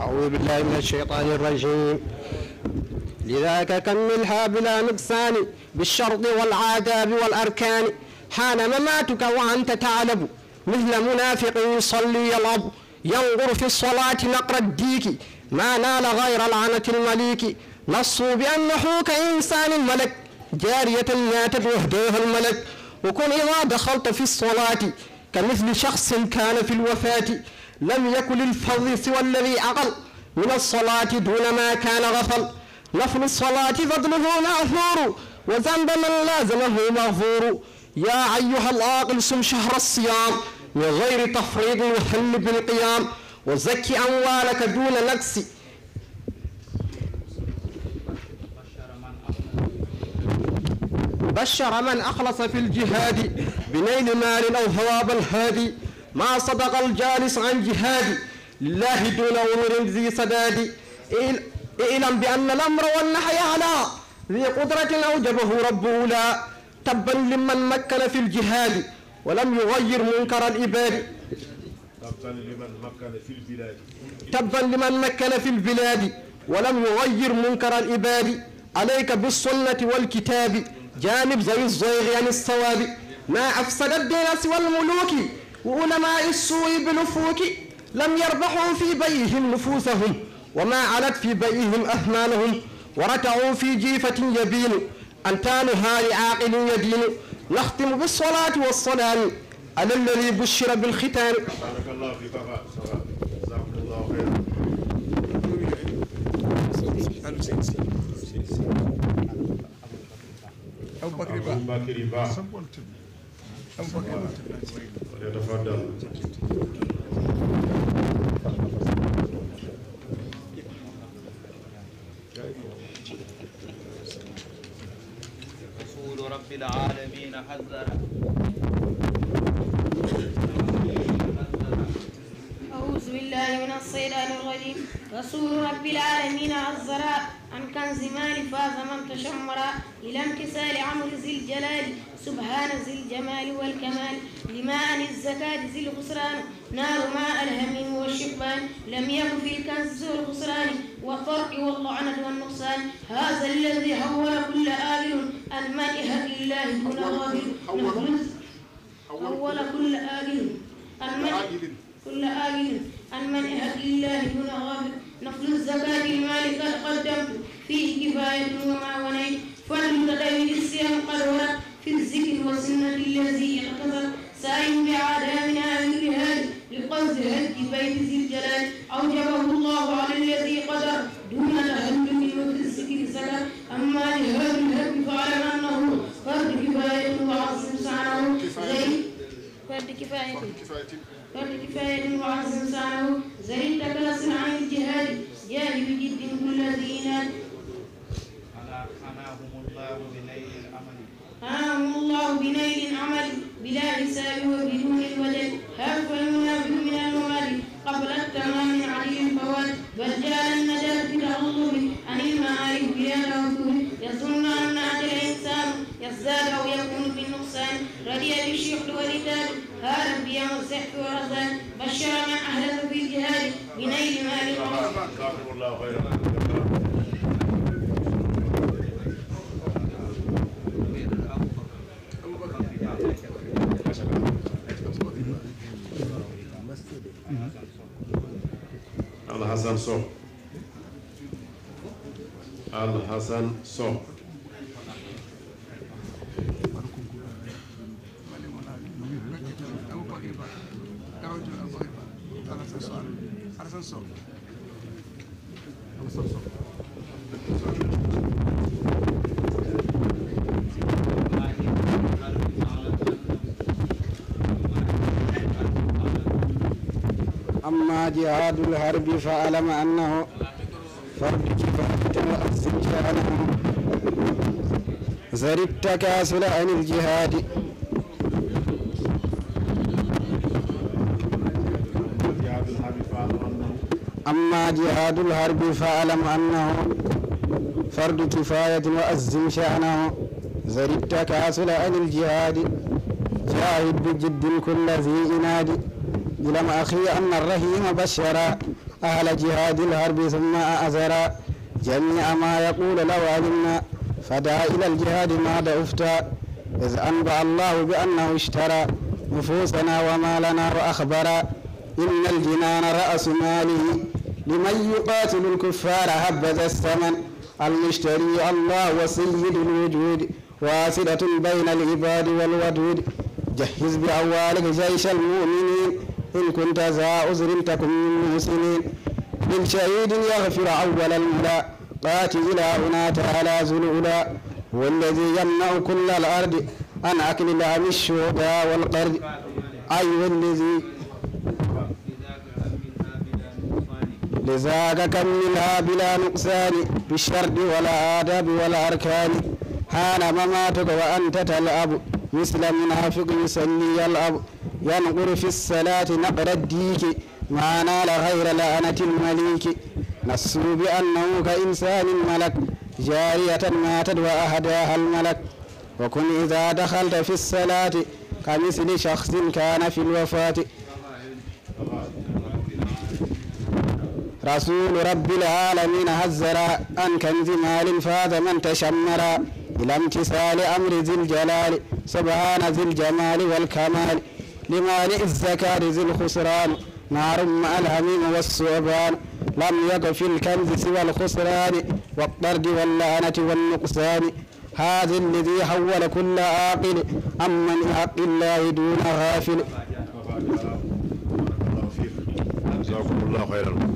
أعوذ بالله من الشيطان الرجيم لذاك كملها بلا نقصان بالشرط والعذاب والأركان حان مماتك وأنت تعلب مثل منافق يصلي الأب ينظر في الصلاة نقر الديك ما نال غير لعنة المليك نصوا بأنه كإنسان الملك جارية ماتت وحدها الملك وكن إذا دخلت في الصلاة كمثل شخص كان في الوفاة لم يكن الفضل سوى الذي أقل من الصلاة دون ما كان غفل نفل الصلاة فضله مأثور وذنب من لازمه مغفور يا أيها العاقل سم شهر الصيام من غير تفريط وحل بالقيام وزكي أموالك دون نقص بشر من أخلص في الجهاد بنيل مال أو ثواب الهادي ما صدق الجالس عن جهاد لله دون أمر ذي سداد اعلم بأن الأمر والنحي على ذي قدرة أوجبه ربه لا تبا لمن مكن في الجهاد ولم يغير منكر الإباد تبا لمن مكن في البلاد لمن مكن في البلاد ولم يغير منكر الإباد عليك بالسنة والكتاب جانب زي الزيغ عن الصواب ما أفسد الدين سوى الملوك وعلماء السوء بنفوك لم يربحوا في بيهم نفوسهم وما علت في بيهم أهمالهم ورتعوا في جيفة يبين أنتانها لعاقل يدين نختم بالصلاة والصلاة أنا الذي بشر بالختان بارك الله فيك بابا جزاكم الله خيرا أبو بكر با أبو بكر با أبو بكر با تفضل رسول رب العالمين حذر بالله من الصيدان الرجيم رسول رب العالمين عزرا عن كنز مال فاز من تشمرا إلى امتثال عمر ذي الجلال سبحان ذي الجمال والكمال لما عن الزكاة ذي الخسران نار ماء الهميم والشبان لم يكن في الكنز ذو الخسران والفرق واللعنة والنقصان هذا الذي حول كل آبل المنئه لله دون غافل أول كل آبل المنئه كل آل عن من أهل الله من غافل نفل الزكاة المال قد قدمت فيه كفاية وما ونيت فالمتدين الصيام قد ورد في الذكر والسنة الذي سائم بعادة من آل بجهاد لقصد هد بيت ذي الجلال أوجبه الله على الذي قدر دون من وفي الذكر سكر أما لهذا الهد فاعلم أنه فرد كفاية وعظم سعره غير فرد كفاية فرد كفاية فرد كفاية وعزم سعره زين تكاس عن الجهاد جاد بجد كل ذي حناهم الله بنيل الأمل حناهم الله بنيل العمل بلا حساب وبدون الوجد هرب المنافق من الموالي قبل التمام علي بل جاء النجاة بتألم عن المعارف بلا توكل يظن أن عدل الإنسان يزداد أو يكون في النقصان رضي بالشيخ والكتاب قال انبياء صحت وردا بشر من في بالجهاد بنيل مال الله خيرا الحسن صح الحسن صح أما جهاد الحرب فألم أنه فرد كفاية وأحسن شأنه زربت كاسل عن الجهاد أما جهاد الحرب فاعلم أنه فرد كفاية وأزم شأنه زر التكاسل عن الجهاد جاهد بجد كل ذي إناد إلم أخي أن الرحيم بشر أهل جهاد الحرب ثم أزر جميع ما يقول لو علمنا فدعا إلى الجهاد ما دعفت إذ أنبأ الله بأنه اشترى نفوسنا ومالنا وأخبر إن الجنان رأس ماله لمن يقاتل الكفار هبذا الثمن المشتري الله وسيد الوجود واسدة بين العباد والودود جهز بأوالك جيش المؤمنين إن كنت ذا عذر تكن من المحسنين للشهيد يغفر أول الملا قاتل إلى هنا تعالى ذو العلا هو الذي يمنع كل الأرض عن أكل لحم الشهداء والقرد أيوة الذي لذاك كم منها بلا نقصان بالشرد ولا أركان حان مماتك وأنت تلعب مثل منافق يسني يلعب ينقر في الصلاة نقر الديك ما نال غير لعنة المليك نصر بأنه كإنسان ملك جارية ماتت وأهداها الملك وكن إذا دخلت في الصلاة كمثل شخص كان في الوفاة رسول رب العالمين هزر أن زمال فاز من تشمر إلى امتثال أمر ذي الجلال سبحان ذي الجمال والكمال لمالئ الزكار ذي الخسران نار مع الهميم والصعبان لم يك الكنز سوى الخسران والطرد واللعنة والنقصان هذا الذي حول كل عاقل من حق الله دون غافل جزاكم الله خيرا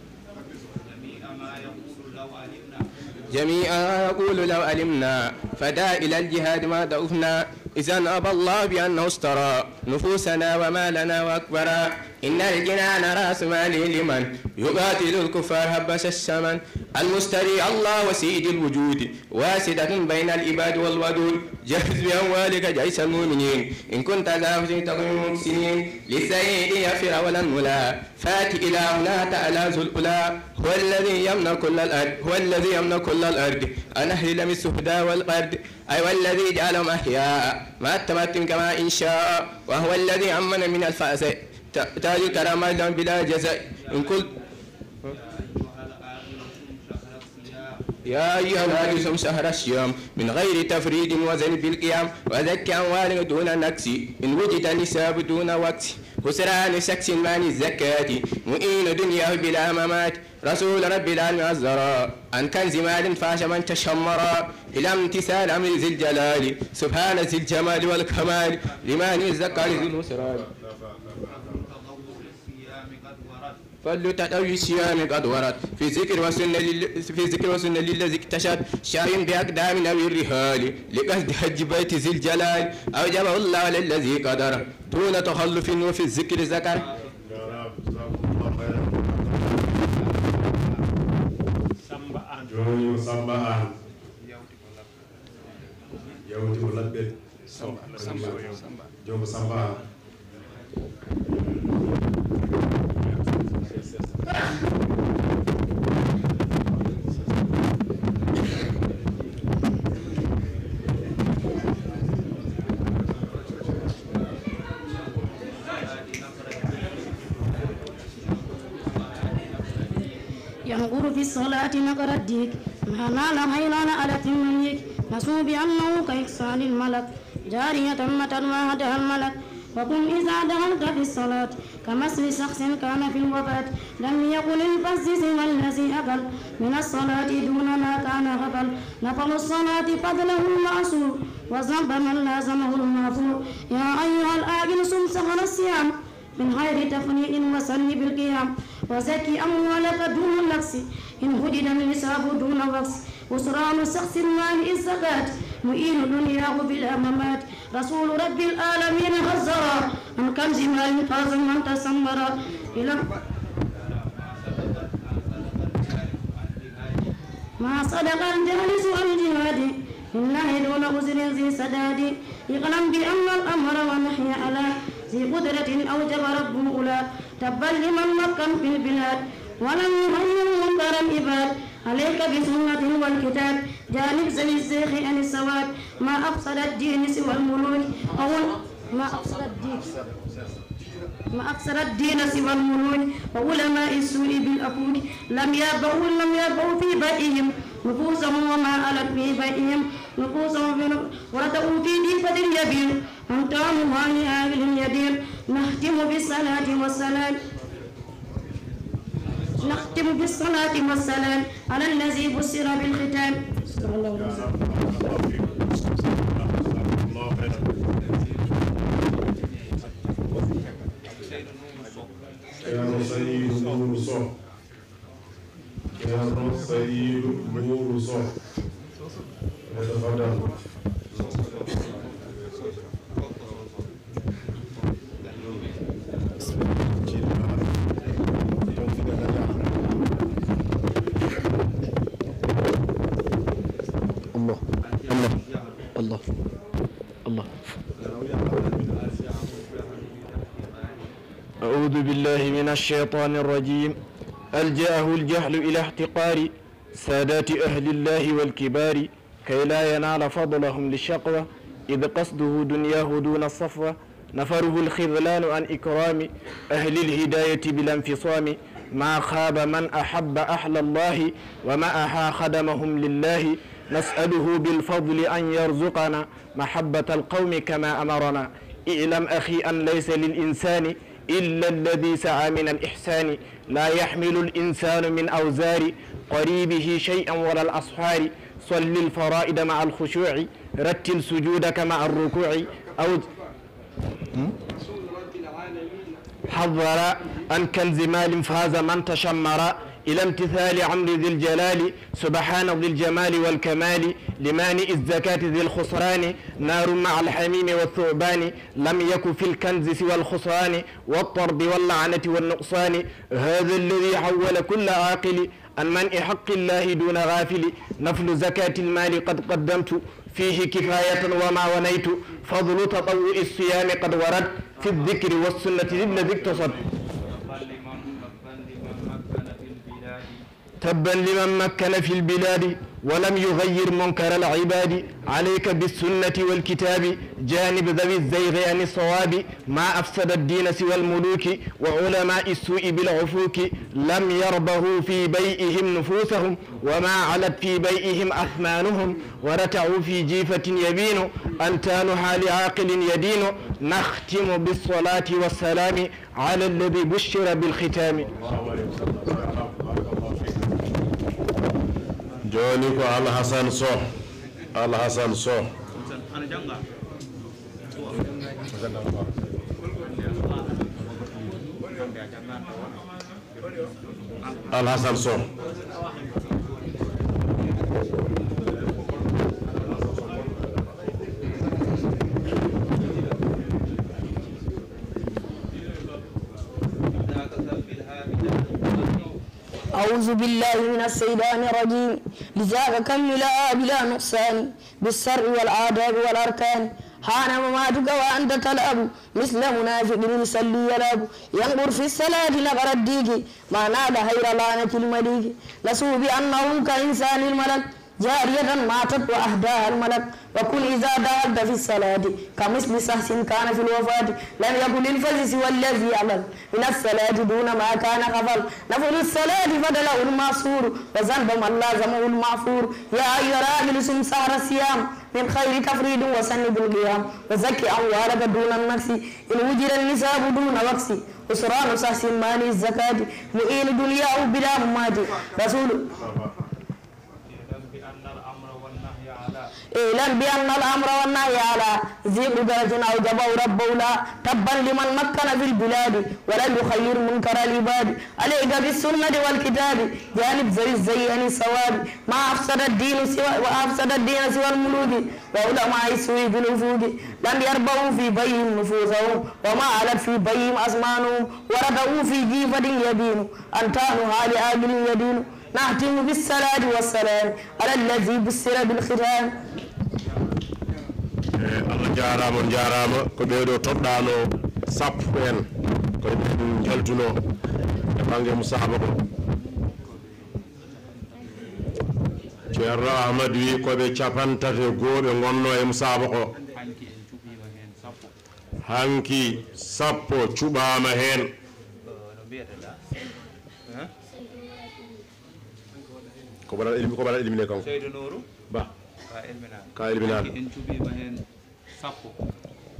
جميعا يقول لو علمنا فدا إلى الجهاد ما دعفنا إذا أبى الله بأنه اشترى نفوسنا ومالنا وأكبرا إن الجنان رأس مالي لمن يقاتل الكفار هبش الشمن المشتري الله وسيد الوجود واسدة بين العباد والودود جهز بأموالك جيش المؤمنين إن كنت ذا تقوم المحسنين للسيد يفر ولا الملا فات إلى هنا تألاز الأولى هو الذي يمنى كل الأرض هو الذي يمنى كل الأرض أنهل لمسه السهدى والقرد أي والذي جعلهم أحياء ما التمتم كما إن شاء وهو الذي أمن من الفأس تاج كرامة بلا جزاء إن كنت يا أيها الناس شهر الصيام من غير تفريد وزن في القيام وزكى أموال دون نكس إن وجد النساء دون وقت خسران شخص مال الزكاة مؤين دنياه بلا ممات رسول رب العالمين الزراء عن كنز مال فاش من تشمرا إلى امتثال أمر ذي الجلال سبحان ذي الجمال والكمال لمن الزكاة ذي النصران فلتتوي الشيام قد ورد في ذكر وسنة في ذكر وسنة للذي اكتشف شايم بأقدام أو الرهال لقصد حج بيت ذي الجلال أوجبه الله للذي قدر دون تخلف وفي الذكر ذكر Jom samba Jom yawti ينقر في الصلاة نقر الديك مهما لم هيلان على تمنيك نسوا بأنه كإحسان الملك جارية متى وهدها الملك وقم إذا دخلت في الصلاة كمثل شخص كان في الوفاة لم يقل الفزز والذي أقل من الصلاة دون ما كان هبل نفل الصلاة فضله المعصور وذنب من لازمه المغفور يا أيها الآجل صم سهر الصيام من غير تفريق وسن بالقيام وزكي أموالك دون النفس إن هدد النساء دون وقص وسران سخص المال إن سقات مئين دنياه بالأمامات رسول رب العالمين غزرا من كنز مال فاز من تسمر إلى ما صدق الجالس عن جهاد لله دون عذر ذي سداد اعلم بأن الأمر ونحيا على ذي قدرة أوجب ربه أولى تبا لمن مكن في البلاد ولم يهيئ منكرا إباد عليك بسنة والكتاب جانب زل الزيخ عن السواد ما أفسد الدين سوى الملوك أو ما أفسد الدين ما أقصر الدين سوى الملوك وعلماء السوء بالأفوك لم يبعوا لم يبعوا في بائهم نفوسهم وما ألت في بائهم نفوسهم وردوا في ديفة اليبين أنت الله أهل اليدين نختم بالصلاة والسلام نختم بالصلاة والسلام على الذي بشر بالختام كان سيد نور صح كان سيد نور صح نتفضل الله الله أعوذ بالله من الشيطان الرجيم ألجأه الجهل إلى احتقار سادات أهل الله والكبار كي لا ينال فضلهم للشقوى إذ قصده دنياه دون الصفوة نفره الخذلان عن إكرام أهل الهداية بلا انفصام ما خاب من أحب أحلى الله وما خدمهم لله نسأله بالفضل أن يرزقنا محبة القوم كما أمرنا اعلم أخي أن ليس للإنسان إلا الذي سعى من الإحسان لا يحمل الإنسان من أوزار قريبه شيئا ولا الأصحار صل الفرائد مع الخشوع رتل سجودك مع الركوع أو حضر أن كنز مال فاز من تشمر إلى امتثال عمر ذي الجلال سبحان ذي الجمال والكمال لمانع الزكاة ذي الخسران نار مع الحميم والثعبان لم يك في الكنز سوى الخسران والطرد واللعنة والنقصان هذا الذي حول كل عاقل عن منع حق الله دون غافل نفل زكاة المال قد قدمت فيه كفاية وما ونيت فضل تطوع الصيام قد ورد في الذكر والسنة ذي ذي اقتصد تبا لمن مكن في البلاد ولم يغير منكر العباد عليك بالسنة والكتاب جانب ذوي الزيغ عن الصواب ما أفسد الدين سوى الملوك وعلماء السوء بالعفوك لم يربه في بيئهم نفوسهم وما علت في بيئهم أثمانهم ورتعوا في جيفة يبين أنتان حال عاقل يدين نختم بالصلاة والسلام على الذي بشر بالختام joni ko hasan so hasan so Hasan so أعوذ بالله من السيدان الرجيم لذاك لا بلا نقصان بالسر والعذاب والأركان حان مماتك وأنت تلعب مثل منافق يصلي يلعب ينظر في الصلاة نقر الديك ما نال غير لعنة المليك نسوا بأنهم كإنسان الملك جارية ماتت وأهداها الملك وكل إذا دخلت في الصلاة كمثل سهس كان في الوفاة لم يكن للفلس سوى الذي عمل من الصلاة دون ما كان غفل نفل الصلاة فدله المعصور وذنب من لازمه المعفور يا أيها الراجل سم سهر الصيام من خير تفريد وسن بالقيام وزكي أموالك دون النفس إن وجد النساب دون وقس وسران سهس مال الزكاة مئين دنياه بلا ممات رسول اعلم بأن الأمر والنهي على ذي قدرة أوجبه ربه لا تبا لمن مكن في البلاد ولن يخير منكر العباد عليك بالسنة والكتاب جانب زي الزي عن الصواب ما أفسد الدين سوى وأفسد الدين سوى الملوك وعلماء السوء بالوفود لم يربوا في بيهم نفوسهم وما علت في بيهم أسمانهم وردوا في جيفة يبين أن تانوا هالي آجل يدين nahtimu bisalati wassalam ala llahi bussira bilhitam e allah jarama jarama ko ɓeɗo toɓɗano sappo en koye ɓen jaltuno e, e banggue moussaba ko ceerno ahmad wi koɓe capantate goho ɓe gonno e moussaba ko hanki sappo cuɓama hen sappo. ko baɗa ko baɗa éliminé kanko seyde noru ba ka éliminano ka éliminano en cuɓima hen sappo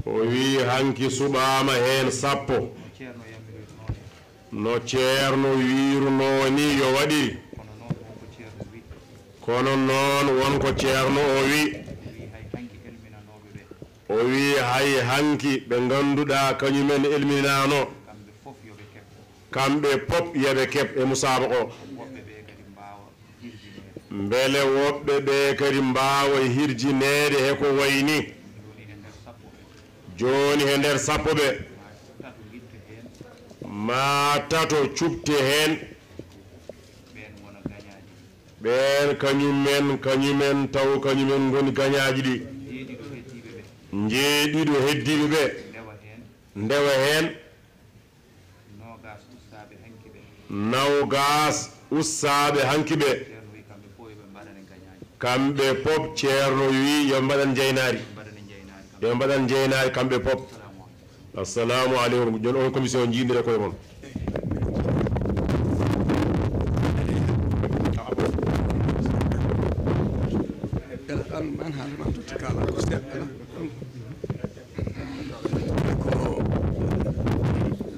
o wi hanki suɓama hen sappo ceerno yamirir no ceerno wiruno ni yo waɗi kono noon wonko ceerno wi kono noon wonko ceerno o wi o wi hay hanki ɓe ganduɗa kañumen elminano kamɓe fof yoɓe keɓ kamɓe pop yoɓe keɓ e musaba o mbele woɓɓe ɓe kadi mbaawa hirjineede he ko wayi ni jooni he ndeer sappo ɓe maa tato cuɓte heen ɓeen kañumen kañumen taw kañumen ngoni gañaaji ɗi njeeɗiɗo heddiɓe ɓe ndewa heen nawgas ussaaɓe hanki ɓe Kambe pop cerno wi yo mbadan jeynari yo mbadan jeynari kambe pop assalamu aleykum jono on commission jindire koy mon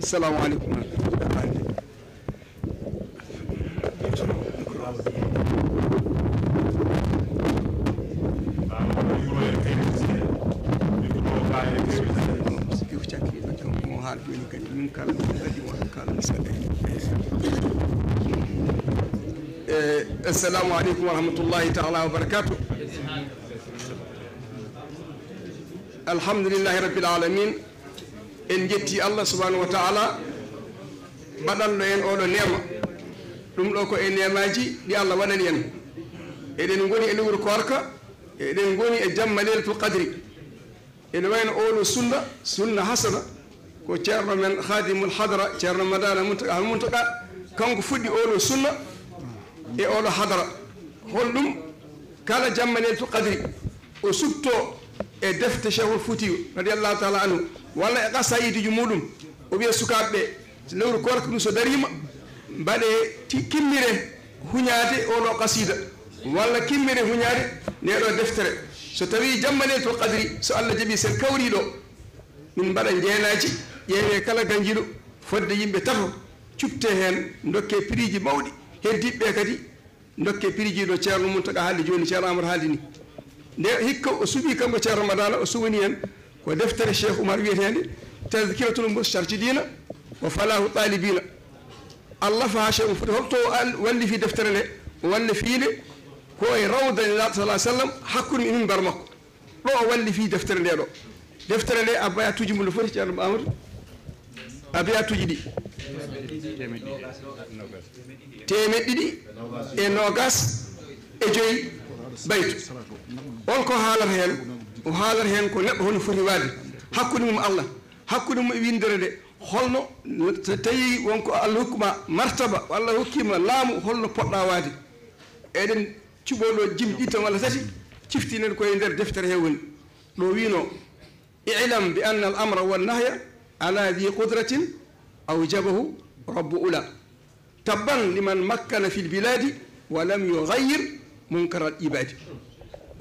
Assalamualaikum min kadi min kala ɗo kadi wona kalmusa e assalamu aleykum wa rahmatullahi taala wa barakatu alhamdulillahi rabbil alamin en jetti allah subahanahu wa taala mbaɗanɗo en oɗo nema ɗum ɗo ko e nemaji ɗi allah waɗani en eɗen goni e lewru korka eɗen goni e jamma lelatul qadri ene wayno oɗo sunna sunna hasana ko ceerno men hadimul hadara ceerno madana muntaka hal muntaka kanko fuɗɗi oɗo sunna e oɗo hadara holɗum kala jammanel to qadri o sutto e defte chehol fouti radiallahu taala anhu walla e qasayidiji muɗum o wiya sukaɓeɓe lewru korka ɗum so darima mbaɗe kimmire huñade oɗo qasida walla kimmire huñade neɗo deftere so tawi jammanel to qadri so allah jaɓi sen kawriɗo min mbaɗa jeenaji ƴeewee kala gañjiɗo fodde yimɓe tato cupte heen dokkee prix ji mawɗi heddiɓe ɓee kadi dokkee prix ji ɗo ceerno mum taga haalde jooni ceerno amar haaldi ni nde hikka o suɓii kamo ceerno madala o suwani heen ko deftere cheikh oumar wiyeteende tasquiratul mustarjidina wo falahu talibina allah faha chekh mo foti holto walli fi deftere nde walla fiile ko e rawda lat e sa sallam hakkude mimin mbar makko ɗo o walli fi deftere nde ɗo deftere nde abbayat tuji mum no foti ceerno amadou abiyatu ji ɗi temed ɗiɗi e nogas e joyi baytu wonko haalat heen o haalata heen ko neɗɗo hono foti waade hakkude mum allah hakkude mum e windere de holno so tawi wonko allah hokkuma martaba allah hokkima laamu holno poɗɗa waade eɗen cuɓoɗo jim ɗi tan walla tati ciftinen koye nder deftere he woni ɗo wino ilam bi anna al amra nahya على ذي قدرة أوجبه رب أولى تبا لمن مكن في البلاد ولم يغير منكر العباد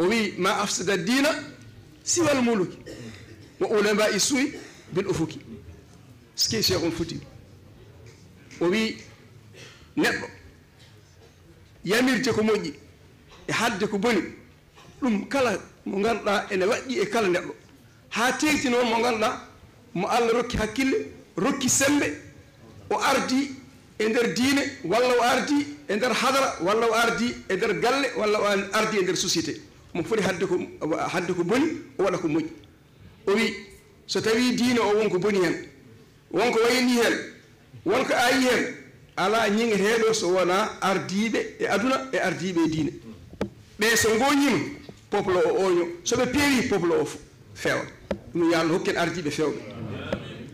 وبي ما أفسد الدين سوى الملوك وأولماء السوء بالأفوك سكي شيخ الفتي وبي نبو يامير ko موجي يحد hadde بني لم كلا kala mo ganduɗa ene waɗɗi e kala neɗɗo mo allah rokki hakkille rokki sembe o ardi e nder diine walla o ardi e nder hadara walla o ardi e nder galle walla o ardi e nder société mo foti hadde ko hadde ko boni o waɗa ko moƴi o wi so tawi diine o wonko boni hen wonko wayni hen wonko ayi hen ala ñingeteɗo so wona ardiɓe e aduna e ardiɓe e diine ɓe so goñima peuple o oño soɓe peewi peuple o feewa ɗum yo allah hokkin ardiɓe fewɓe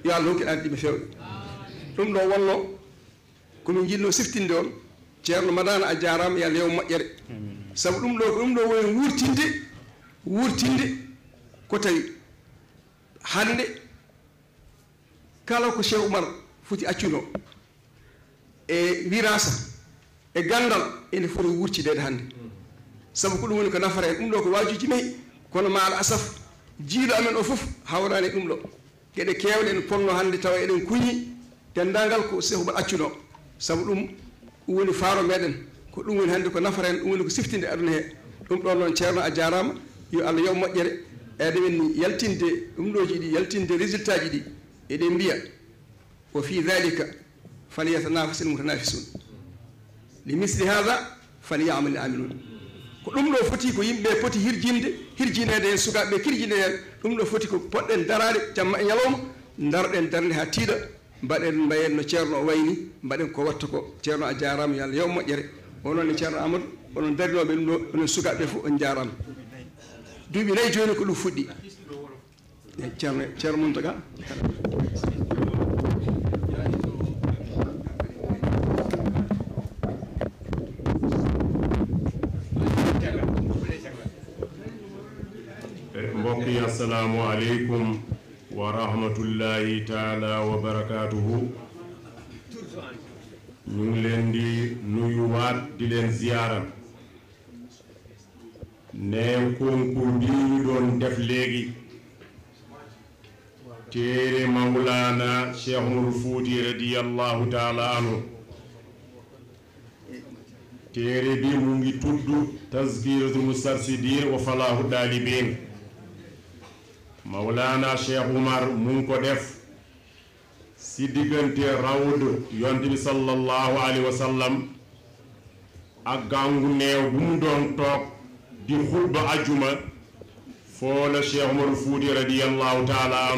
yo allah hokkin ardiɓe fewɓe ɗum ɗo wonno komin jinno siftinde on ceerno madana a jarama yo e allah yew moƴƴere saabu ɗum ɗo ko ɗum ɗo woni wurtinde wurtinde ko tawi hande kala ko chef umar foti accuno e wirasa e gandal ene foti wurtidede hande saabu ko ɗum woni ko nafara en ɗum ɗo ko wajuji mayi kono maala asaf jiiɗo amen o fof hawrani e ɗum ɗo gueɗe kewɗe en ponno hannde tawa eɗen kuñi dendagal ko sehu mbaɗa accuno saabu ɗum ɗum woni faaro meɗen ko ɗum woni hannde ko nafata en ɗum woni ko siftinde aduna he ɗum ɗon noon ceerno a jarama yo allah yow moƴƴere eɗen men yaltinde ɗum ɗoji ɗi yaltinde résultat ji ɗi eɗen mbiya wa fi dhalika falyatanafasi l mutanafisun li misli hada falyamal amilun ko ɗum ɗo foti ko yimɓe foti hirjinde hirjinede hen sukaɓe kirjinee e- ɗum ɗo foti ko poɗɗen daraade jamma e ñalowma daroɗen darde ha tiiɗa mbaɗen mbayen no ceerno o wayni mbaɗen ko watta ko ceerno a jarama yo allah yew moƴƴere onon ne ceerno amadou onon darinoɓe ɗum ɗo onon sukaɓe fof on jarama duuɓi nayyi joni ko ɗum fuɗɗi ceerno ceerno mumtoga asalaamualeykum wa rahmatullahi taala wa barakaatuhu ñu leen di nuyuwaat di leen ziyaara ne concours doon def léegi téere mawlaana Cheikh Umar Fuuti radiyallahu taala anhu téere bi mu ngi tudd tazkiratul mustarsidin wa falaahu daalibin Mawlana Cheikh Umar mu ngi ko def si diggante rawd yonent bi sallallahu alayhi wa ak gàngu neew bu mu doon toog di xutba ajuma foo la Cheikh Umar Fuuti radiyallahu taala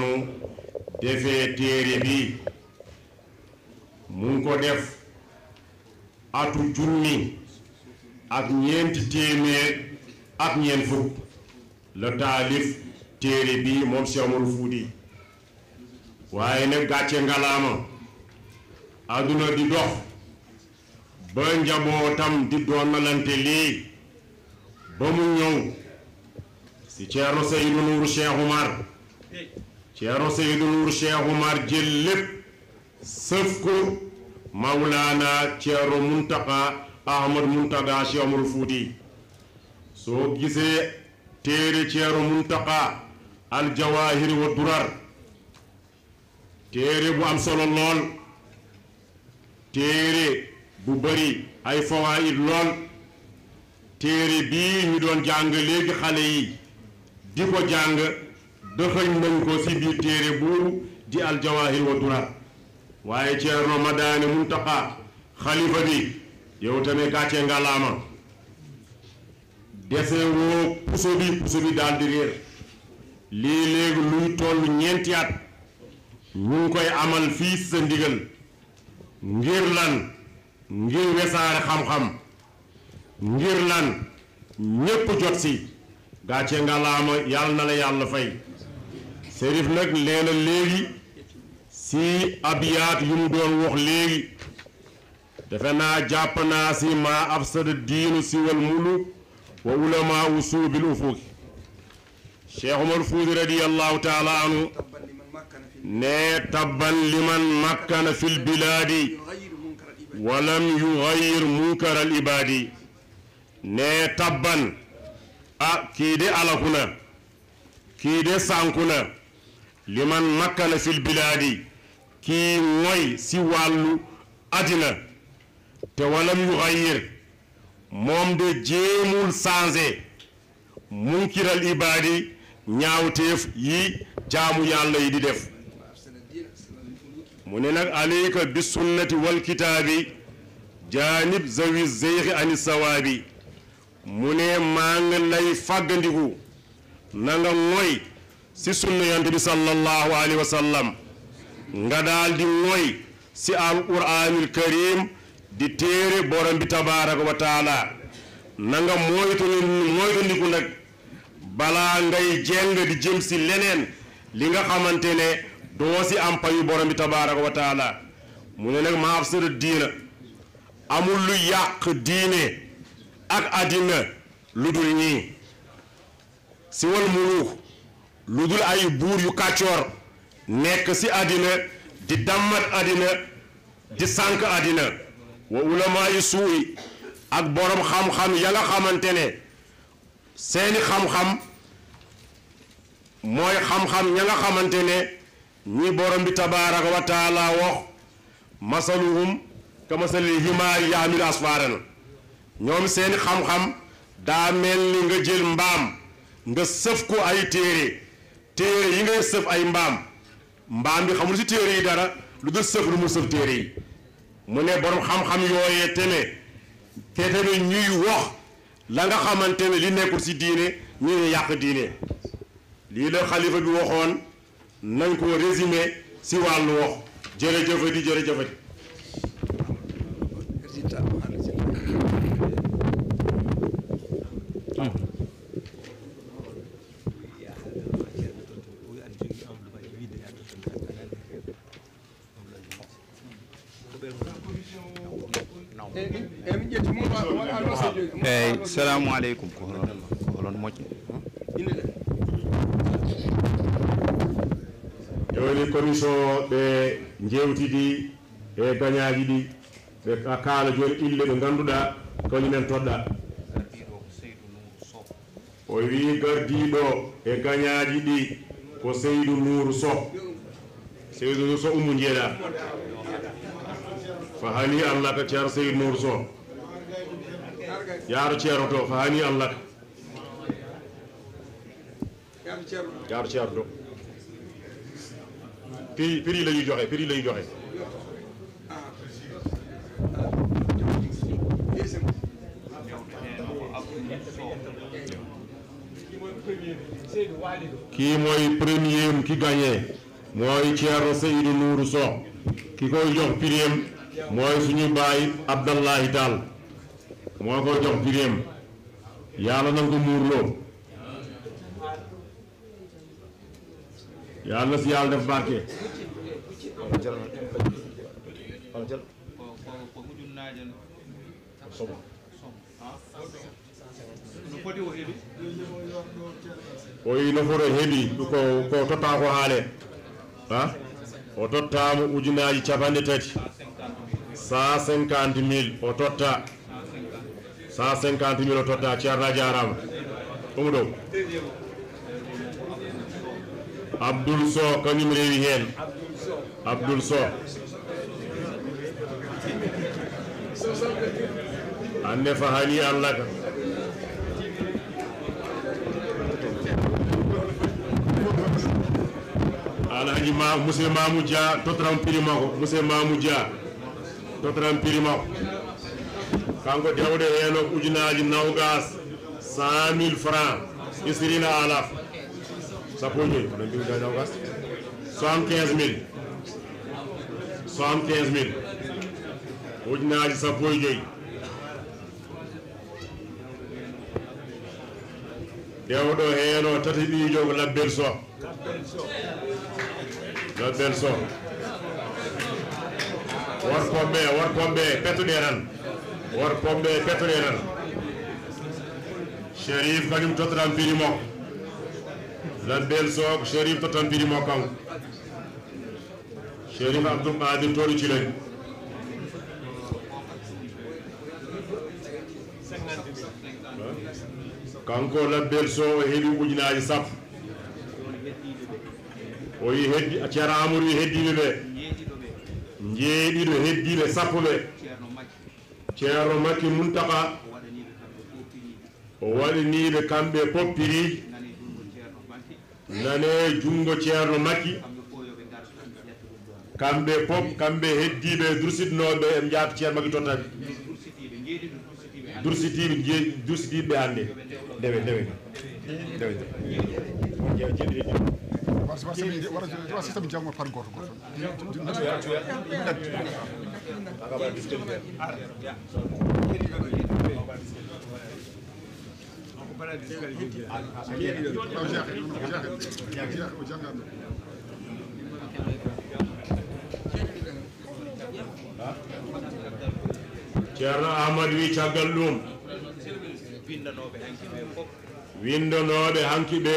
defee téere bi mu ngi ko def atu junni ak ñeenti téeméer ak ñeent fukk la taalif téere bii moom Cheikh Oumar Foudi waaye nag gàcce ngalaama àdduna di dox ba njabootam di doonalante lii ba mu ñëw si Ceerno Seydou Nour jël lépp sëf ko Mawlaana Ceerno Muntaqa Ahmad soo gisee téere Ceerno Muntaqa aljawahir wa durar téere bu am solo lool téere bu bari ay fawaid lool téere bii ñu doon jàng léegi xale yi di ko jàng dëxëñ nañ ko ci biir téere boobu di aljawahir durar waaye Ceerno Madaani Muntaqa xalifa bi yow tamit gàcce ngalaama dese woo puso bi puso bi daal réer lii léegi luy toll ñeenti at ñu ngi koy amal fii sa ndigal ngir lan ngir wesaare xam-xam ngir lan ñépp jot si gàcce ngalaama yàlla na la yàlla fay sérif nag leena léegi si abiyaat yu mu doon wax léegi defe naa jàpp naa si maa afsada diinu siwal mulu wa ulama wu suubil cheikh Umar radiyallahu taala anhu ne tabban liman makkana fil bilaadi walam yugayir munkaral ibaadi ne tabban kii de alaku na kii de sànku na liman makkana fil bilaadi kii mooy si wàllu àddina te walam yugayir moom de jéemul changé munkiral ibaadi ñaawteef yi jaamu yàlla yi di def mu ne nag aleyka bi sunnati wal jaanib zawi zeyxi ani sawaabi mu ne maa ngi lay fàggandiku na nga mooy si sunna yonent bi sallallahu alayhi wa nga daal di mooy si alquraanul karim di téere borom bi tabaaraka wa taala na nga moytu moytu ndiku nag balaa ngay jeng di jëm si leneen li nga xamante ne doo si am payu borom bi tabaaraka wa mu ne nag maaf sara diina amul lu yàq diine ak àddina lu dul ñii si wal muluux lu dul ay buur yu kàccoor nekk ci àddina di dàmmat àddina di sànq àddina wa ulamaa yu suuy ak boroom xam-xam ya nga xamante ne seeni xam-xam mooy xam-xam ña nga xamante ne ñi borom bi tabaraka wa taala wax masaluhum ka masalil himaari yaamilu asfaaran ñoom seeni xam-xam daa mel ni nga jël mbaam nga sëf ko ay téere téere yi ngay sëf ay mbaam mbaam bi xamul ci téere yi dara lu dul sëf lu mu sëf téere yi mu ne borom xam-xam yooyee tene te tamit ñuy wax la nga xamante ne li nekkul ci diine ñu yàq diine lii la xalifa bi waxoon nañ ko résumé ci wàllu wax jëre jërëjëfati assalamu aleykum ko hoon ko holon moƴƴi joni e commission ɓe njewtidi e dañaji ɗi ɓe kaala joni ille ɓe ngannduɗa kañumen toɗɗa o wi gardiɗo e gañaji ɗi ko seydou nouru so seydou nouru so ummu jeeɗa fa hani allah ka ceer seydou nouru so yaaru ceeru to hani joxe prix la ñuy joxe kii mooy premier ki gagné mooy Thierno Seydou Nourou Sow ki koy jox prix mooy suñu baay Abdallahi Tall moo ko jox jigéen yàlla na nga ko muurloo yàlla na si yàlla def barke koyi nafoore heeɓi ko ko totta ko haale ha ah? o tottama ujunaji capanɗe tati cent cinquante mille o totta 150 mille au total ceerna jarama ɗum ɗo abdoul so kañum rewi hen abdul so anne fahani allah ka alhaji ma musse mamou dia totram pirimako musse mamou dia totram pirimako kanko dewde heeno ujunaji nawgas cent mille franc isrina alaf sappo joyi kono mbiwda nawgas soixante quinze mille soixante quinze mille ujunaji sappo e joyi dewɗo heeno tati ɓiijo ko labbel so labbel so workoɓe workoɓe pettuɗe tan workomɓe petore tan sherif kañum tottatan piiri makko lambel soo ko sherif tottatan piiri makko kanko sherif abdoul qadir toɗo cilay kanko labbel so o heeɗi ujunaji sappo o yi heddi ceera amadou wi heddiɓe ɓe jeeɗiɗo heddiɓe sappo be. ceerno makki muntaka o waɗaniɓe kamɓe poppiri nane junngo ceerno makki kamɓe pop kamɓe heddiɓe dursitinoɓe en jaata ceerno makki toon tan dursitiɓe jeeɗi dursitiɓe hannde ndewe ndewe ndewe jeeɗiɗe wasita mijango par goto goto ceerno ahmad wi caggal ɗum windanoɓe hanki ɓe fof windanoɓe hanki ɓe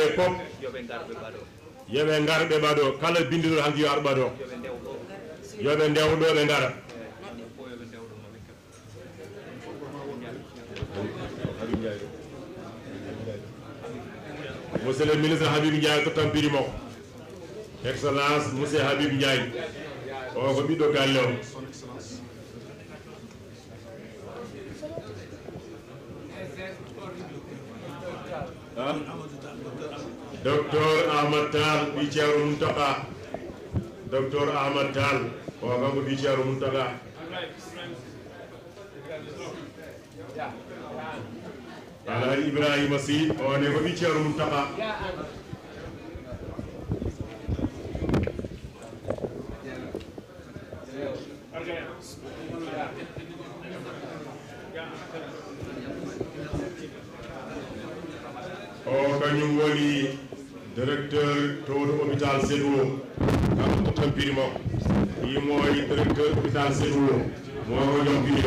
yoɓe gara ɓe ɓaɗo kala bindiɗo hanki yo ar ɓaɗo yoɓe ndewɗo ɓe gara monsieur le ministre habib ndiaye to tampiri makko excellence monsieur habib ndiaye o ko ɓiɗɗo galle o Dr. Ahmad Tal Bicara Muntaka Dr. Ahmad Tal kamu Bicara Muntaka Alai Ibrahim Masih Asi Wane Bicara Muntaka Oh, kanyum wali directeur tooru hôpital Sédhiou nga xam ne moom mooy directeur hôpital Sédhiou moo ko jox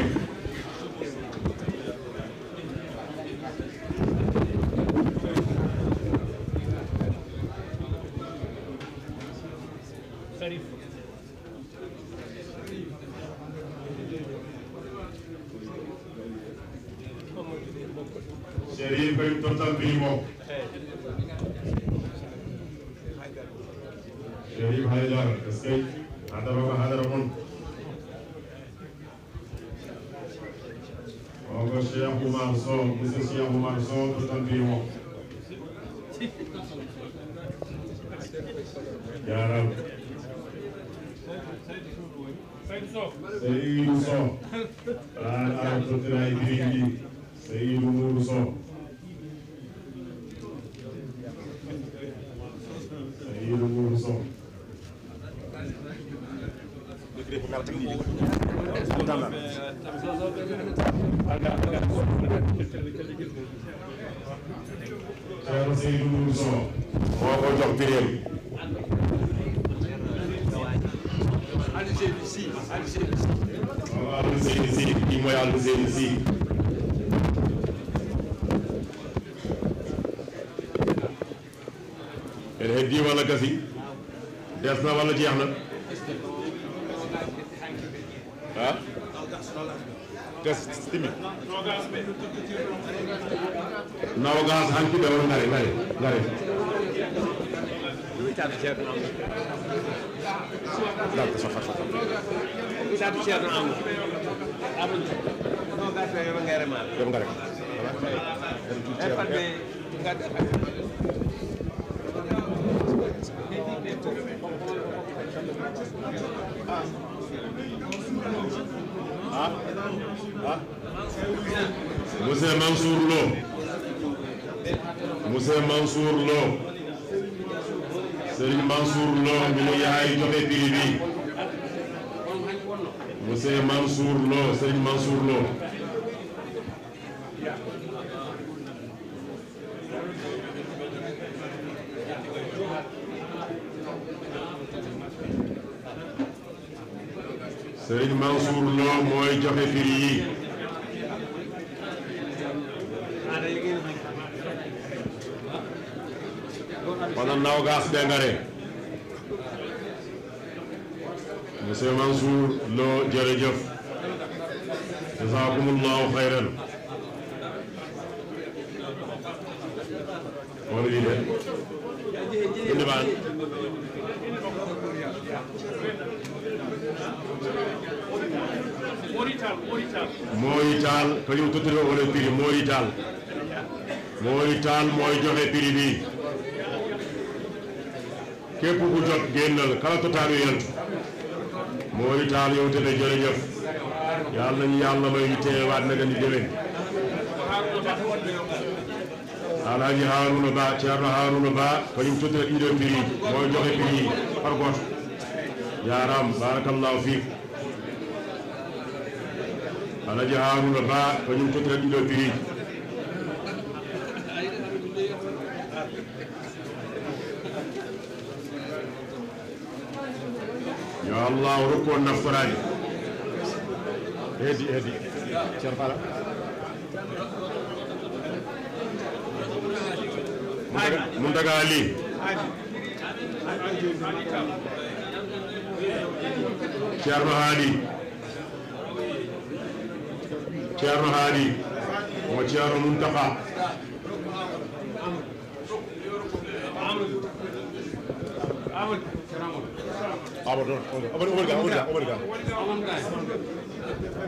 jeex na ah test timi nawgas hankiɓe on gare gare gare satu ceerno amu amu nogas yoɓe garema yoɓe gare e eh, fatɓe gadda Monsieur Mansour Lo Monsieur Mansour Lo Serigne Mansour Lo mi nu yaay joxe prix bi Monsieur Mansour Lo Serigne Mansour Lo Serigne Mansour Lo mooy joxe prix yi walla nawgaas ɓe ngare monsieur Mansour Lo jërëjëf jazakumullahu xayran wala lii de indi baan mooy taal kañum tottire ole prix mooy taal mooy taal mooy joxe prix bi képp ku jot génnal kala ko taalu mooy taal yow te ne jërëjëf yàlla nañu yàlla may ñu teewaat na ni déwén alaaji Haaruna Ba Ceerno Haaruna Ba ko ñu tuddee idée mooy joxe prix yi got jaaraam barakallahu fiik alaaji Haaruna Ba ko ñu tuddee idée allah rukku naftorade heedi edi. ceerno fala mum daga ali ceerno haali ceerno haali mo ceerno muntaha عمر نور عمر عمر جا عمر جا عمر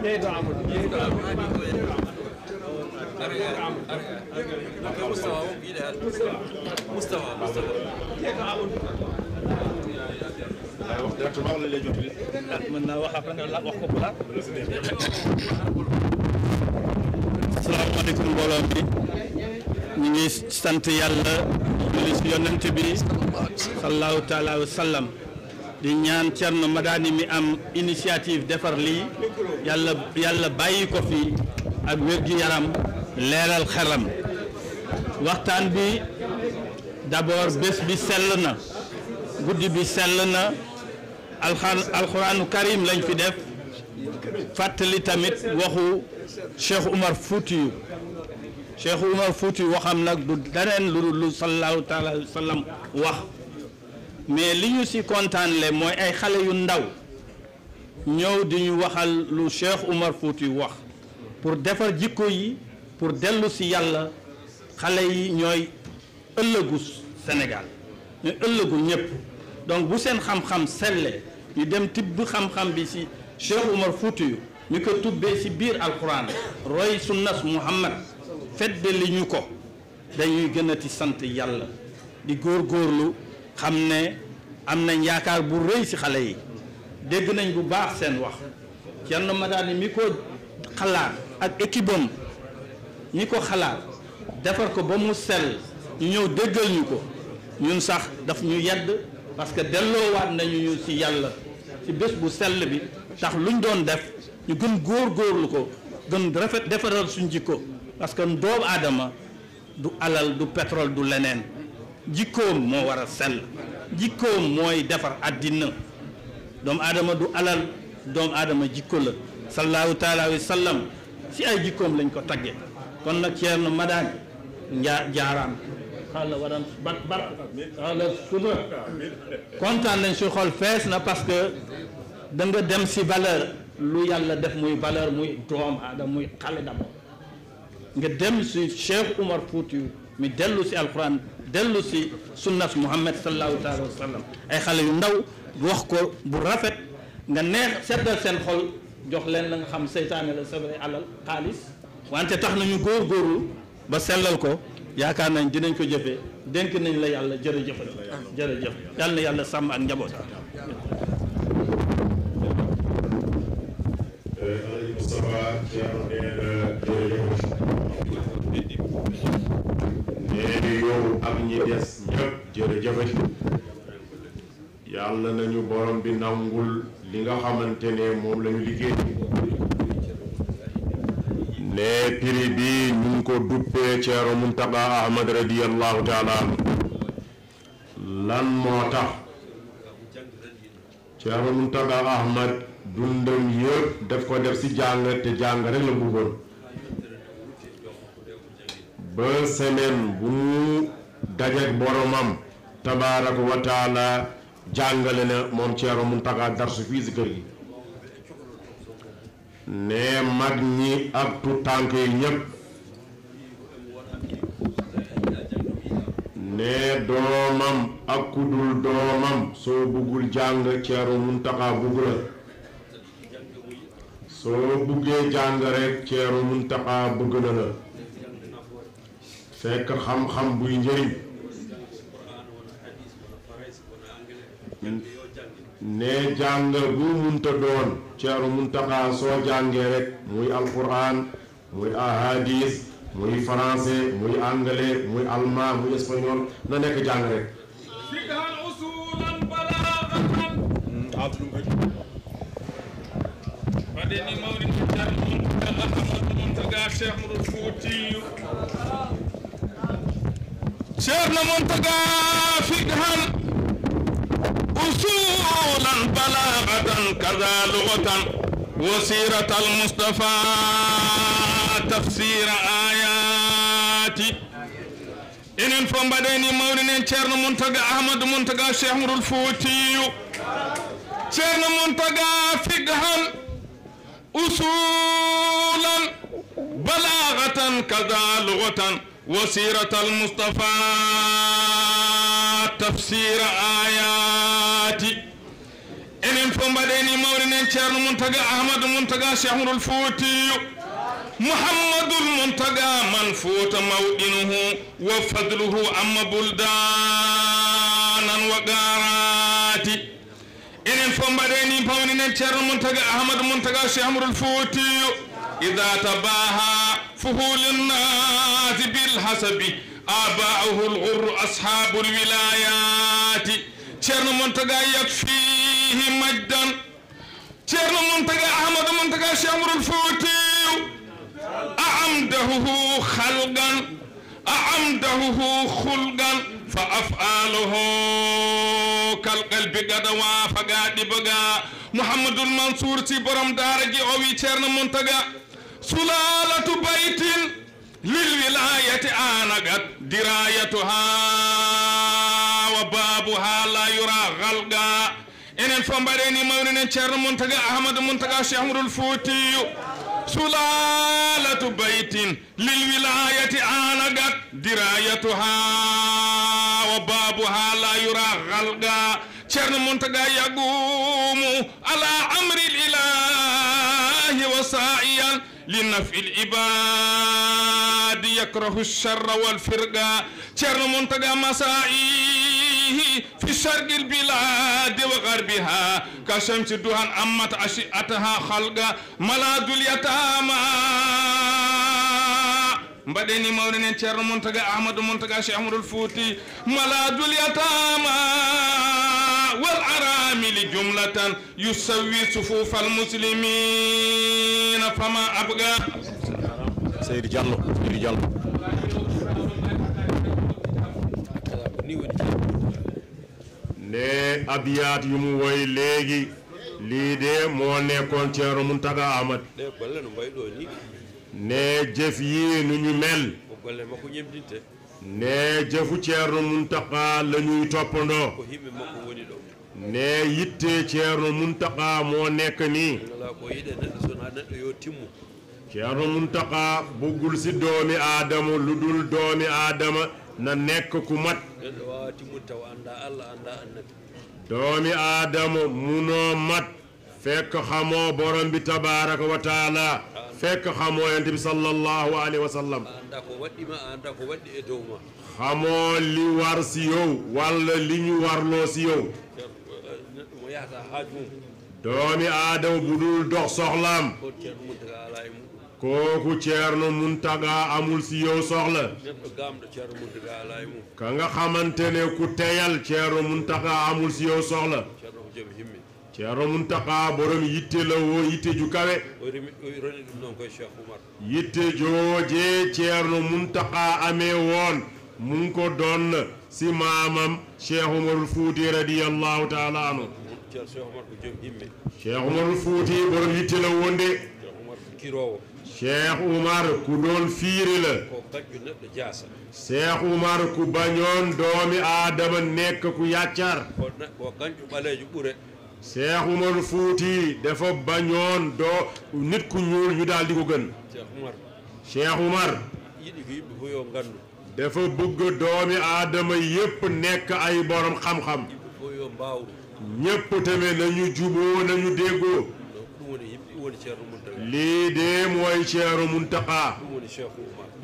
جا يا ده عمر يا ده عمر أرجع عمر أرجع مستوى إلى مستوى مستوى يا ده عمر أتمنى وحقنا لا وحقنا لا السلام عليكم مبولم ñi ngi sant yàlla julli si yonent bi sallallahu taala wa sallam di ñaan Thierno Madani mi am initiative defar li yàlla yàlla bàyyi ko fi ak wer yaram leeral xelam waxtaan bi d'abord bés bi selna na guddi bi sell na karim lañ fi def fàttali tamit waxu Cheikh Umar Fuutiyu Cheikh Umar Fuutiyu waxam nak du daneen lu lu sallallahu taala sallam wax mais li ñu si kontaanle mooy ay xale yu ndaw ñëw di ñu waxal lu Cheikh Umar yu wax pour defar jikko yi pour dellu si yàlla xale yi ñooy ëllëgu senegal ñooy ëllëgu ñëpp donc bu seen xam-xam selle ñu dem tibb xam-xam bi si Cheikh Umar Fouti ñu ko tubbee si biir alquran roy sunnas muhammad fedd li ñu ko dañuy gën a sant yàlla di góorgóorlu xam ne am nañ yaakaar bu si xale yi dégg nañ bu baax seen wax Madani mi ko xalaat ak équipe am ko xalaat defar ko ba mu sell ñëw déggal ñu ko ñun sax daf ñu yedd parce que nañu ñu si yalla si bes bu sel bi tax luñ doon def ñu gën góor góorlu ko gën rafet defaral suñ jikko parce que du alal du petrol du lenen. jikkoom moo war a sell jikkoom mooy defar àddina doomu aadama du alal doomu aadama jikko la sallallahu taala alayhi wa sallam si ay jikkoom lañ ko tagge kon nag ceerno madaan njaa jaaraam xaala waram bat bat xaala suba kontaan nañ su xol fees na parce que da nga dem si valeur lu yàlla def muy valeur muy doom aadama muy xale d'abord nga dem si Cheikh Umar Fuuti mi dellu si alquran dellu si sunnaf muhammad sallallahu taala wa sallam ay xale yu ndaw wax ko bu rafet nga neex seddal seen xol jox leen la nga xam seytaane la sabari alal xaalis wante tax nañu góor góorlu ba sellal ko yaakaar nañ dinañ ko jëfee dénk nañ la yàlla jërëjëf jërëjëf yàlla na yàlla sàmm ak njaboot Alhaji Moustapha Thierno nee na jërëjëf nee ni yow ak ñi des ñëpp jërëjëfati yàlla nañu borom bi nangul li nga xamante ne moom lañu liggéey ne prix bi ñu ko duppee Ceerno Muntaqa Ahmad radiyallahu taala lan moo tax Ceerno Muntaqa Ahmad dundam yëpp daf ko def ci jàng te jàng rek la bëggoon ba semaine bu mu dajeeg boromam tabaaraka wa jàngale na moom Ceerno Muntaxa darsu fii kër gi ne mag ñi ak tu tànk yi ñépp ne doomam ak kudul doomam soo bëggul jàng Ceerno Muntaxa bugg la soo bëggee jàng rek Ceerno Muntaxa bëgg na la fekk xam-xam buy njëriñ ne jàng bu munta doon ceeru muntaxaa soo jàngee rek muy alquran muy ahadis muy français muy anglais muy allemand muy espagnol na nekk jàng rek بعدين شيخنا منتقى فقها أصولا بلاغة كذا لغة وسيرة المصطفى تفسير آياتي إن بديني مولين شيخنا منتقى أحمد منتقى شيخ الفوتي شيخنا منتقى فقها أصولا بلاغة كذا لغة وسيرة المصطفى تفسير آيات إنهم فمبديني مورنين شارن المنتقى أحمد المنتقى شهر الفوتي محمد المنتقى من فوت موئنه وفضله أما بلدانا وقارات إنهم فمبديني مورنين شارن المنتقى أحمد المنتقى شهر الفوتي إذا تباها فهول الناس بالحسب آباؤه الغر أصحاب الولايات شرن منتقى يكفيه مجدا شرن منتقى أحمد منتقى شمر الفوتي أعمده خلقا أعمده خلقا فأفعاله كالقلب قد وافقا دبقا محمد المنصور تبرم دارجي أوي شرن منتقى سلالة بيت للولاية آنقت درايتها وبابها لا يرى غلقا enen fof mbaɗeni mawninen ceerno montaga ahmadou montaga cheikh amadoul fotiyu sulalatu baytin lil wilayati anagat dirayatuha wa babuha la yura halga ceerno montaga yagumu ala am لنفع العباد يكره الشر والفرقة شر منتقى مسائه في شرق البلاد وغربها كشمس دهان أمت أشئتها خلقا ملاد اليتامى مبديني mawni شر منتقى أحمد منتقى شيخ cheikh ahmadoul fouti والأرامل جملة يسوي صفوف المسلمين فما أبقى سيد جلو سيد جلو ne yu mu woy léegi lii de moo nekkoon Ceerno Muntaga Ahmad ne jëf yi nu ñu mel ne jëfu Ceerno Muntaga la toppandoo ne yitte Ceerno Muntaqa moo nekk nii Ceerno Muntaqa buggul si doomi aadama lu dul doomi aadama na nekk ku mat doomi aadama munoo mat fekk xamoo borom bi tabaaraka wa fekk xamoo yonent bi e xamoo li war si yow walla li ñu warloo si yow domi adam budul dox soxlam ko kooku ceerno muntaga amul si yow soxla ka nga xamantene ne ku teyal ceerno muntaga amul si yow soxla ceerno muntaga borom yitte la wo yitte ju kawé yitte joje ceerno muntaga amé won mu ko don si mamam cheikh umarul fuuti radiyallahu taala anhu yitteel Cheikh Omar ko jom himɓe Cheikh Omar Fouti borom yitte la woon de Cheikh Omar ko kiroowo Cheikh Oumar ku doon fiiri la ko ku bañoon doomi aadama nekk ku yàccar ko gañju dafa bañoon doo nit ku ñuul ñu daldi ko gën Cheikh dafa bëgg doomi aadama yépp nekk ay borom xam-xam ñépp tamit nañu juboo nañu déggoo lii de mooy Ceeru Muntaqa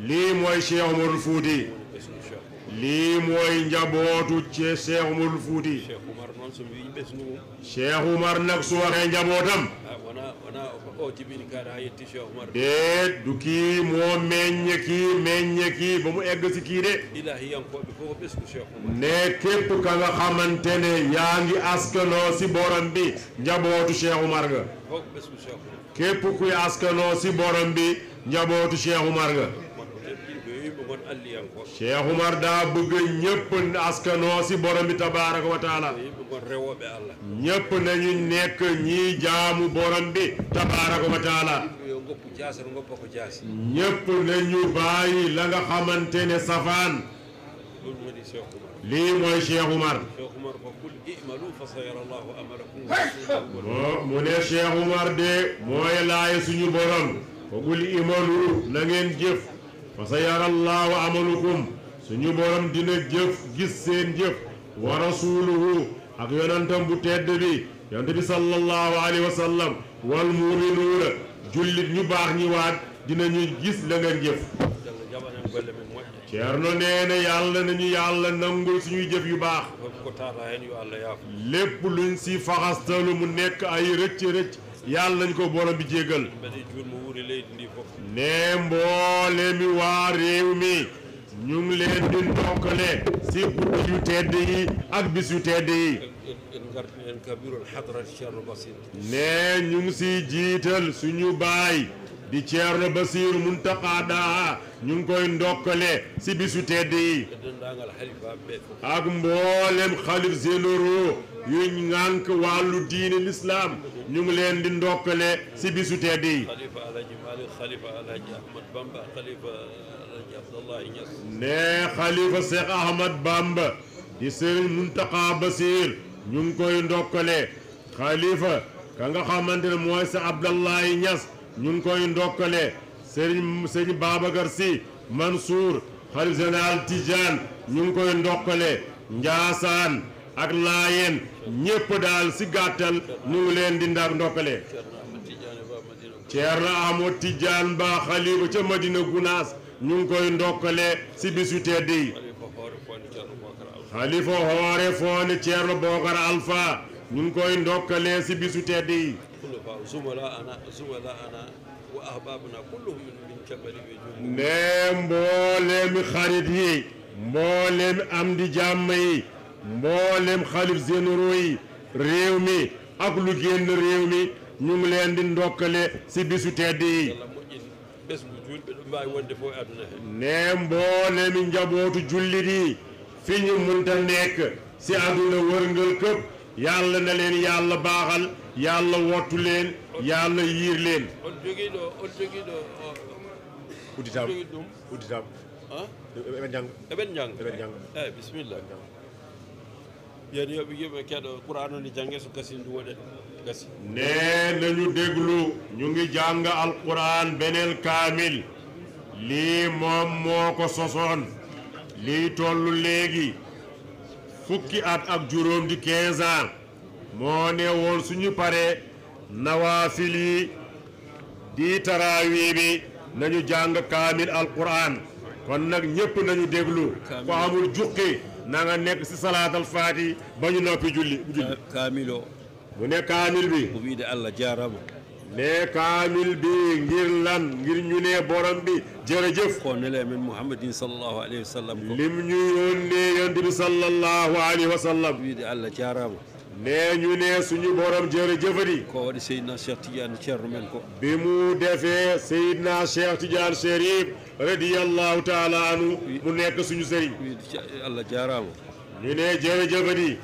lii mooy Cheikh Omarul Fuuti lii mooy njabootu ci Cheikh Oumar Fouti. nag su waxee njabootam. Ah, wona du kii moo meññ kii meññ kii ba mu egg si kii de. ilahiyankoɓe fof ne képp ka nga xamante ne yaa ngi askanoo si borom bi njabootu Cheikh nga. képp kuy askanoo si borom bi njabootu Cheikh nga. cheikh oumar daa bëgg ñëpp askanoo si borom bi tabaraka wa taala ñëpp nañu nekk ñii jaamu borom bi tabaraka wa taala la nga xamante ne safaan lii mooy cheikh mu ne cheikh de mooy laay suñu borom fa imalu na jëf fa sa yara llaahu amalukum suñu borom dina jëf gis seen jëf wa rasuluhu ak yonantam bu tedd bi yonte bi sallallahu alayhi wa sallam wal muminuuna jullit ñu baax ñi waat dinañu gis la ngeen jëf ceerno nee na yàlla nañu yàlla nangul suñu jëf yu baax lépp luñ si faxastalu mu nekk ay rëcc rëcc yàlla nañu ko borom bi jéggal ne mboole mi waa réew mi ñu ngi leen di ndokkale si guddi yu tedd yi ak bis yu tedd yi ne ñu ngi si jiital suñu baay di Ceerno Basiir Muntaqa Daha ñu ngi koy ndokkale si bisu tedd yi ak mboolem xalif généraux yuy ŋànk wàllu diini lislaam ñu ngi leen di ndokkale si bisu tedd yi nee xalifa Cheikh Ahmad Bamba di Sëriñ Muntaqa Basiir ñu ngi koy ndokkale xalifa ka nga xamante ne mooy sa Abdallahi Ñas ñu ngi koy ndokkale Sëriñ Sëriñ Babacar Si Mansour xalifa général Tijaan ñu ngi koy ndokkale Njaasaan ak laayeen ñépp daal si gàttal ñu ngi leen di ndar ndokkale Ceerno Ahmad Tijaan Ba xalifa ca Madina Gunaas ñu ngi koy ndokkale si bisu tedd yi xalifa koy ndokkale si bisu tedd yi mbooleemi xarit yi mbooleemi am di jàmm yi mboolem xalif généraux yi réew mi ak lu génn réew mi ñu ngi leen di ndokkale si bisu tedd ne mboolemi njabootu jullit yi fi ñu munta nekk si àdduna wërngal këpp yàlla na leen yàlla baaxal yàlla wottu leen yàlla yiir leen udditam udditam eɓen jang eɓen jang eɓen jang eh, bismillah yéen yooɓe yimɓe keɗo qur'an ni jangge so nañu déglu ñu ngi jàng alquran beneel kaamil lii moom moo ko sosoon lii tollu léegi fukki at ak juróom di 15 moo ne woon suñu paree nawaafil yi di taraawi bi nañu jàng kaamil alquran kon nag ñépp nañu déglu ko amul juqi na nga nekk si salaatal faati ba ñu noppi julli julli kaamil o mu ne kaamil bi o wiide allah jaarama ne kaamil bi ngir lan ngir ñu ne borom bi jërëjëf ko nele men muhammadin sallallahu alayhi wa sallam ko lim ñu yónnee yonent bi sallallahu alayhi wa sallam wiide allah jaarama nee ñu ne suñu borom jërëjëfati ko waɗi seydna cheikh tidiane ceerno men ko bi mu defee seydna cheikh tidiane chérif radiallahu taala anu mu nekk suñu sëriñ allah jaaraama ñu ne jërëjëfani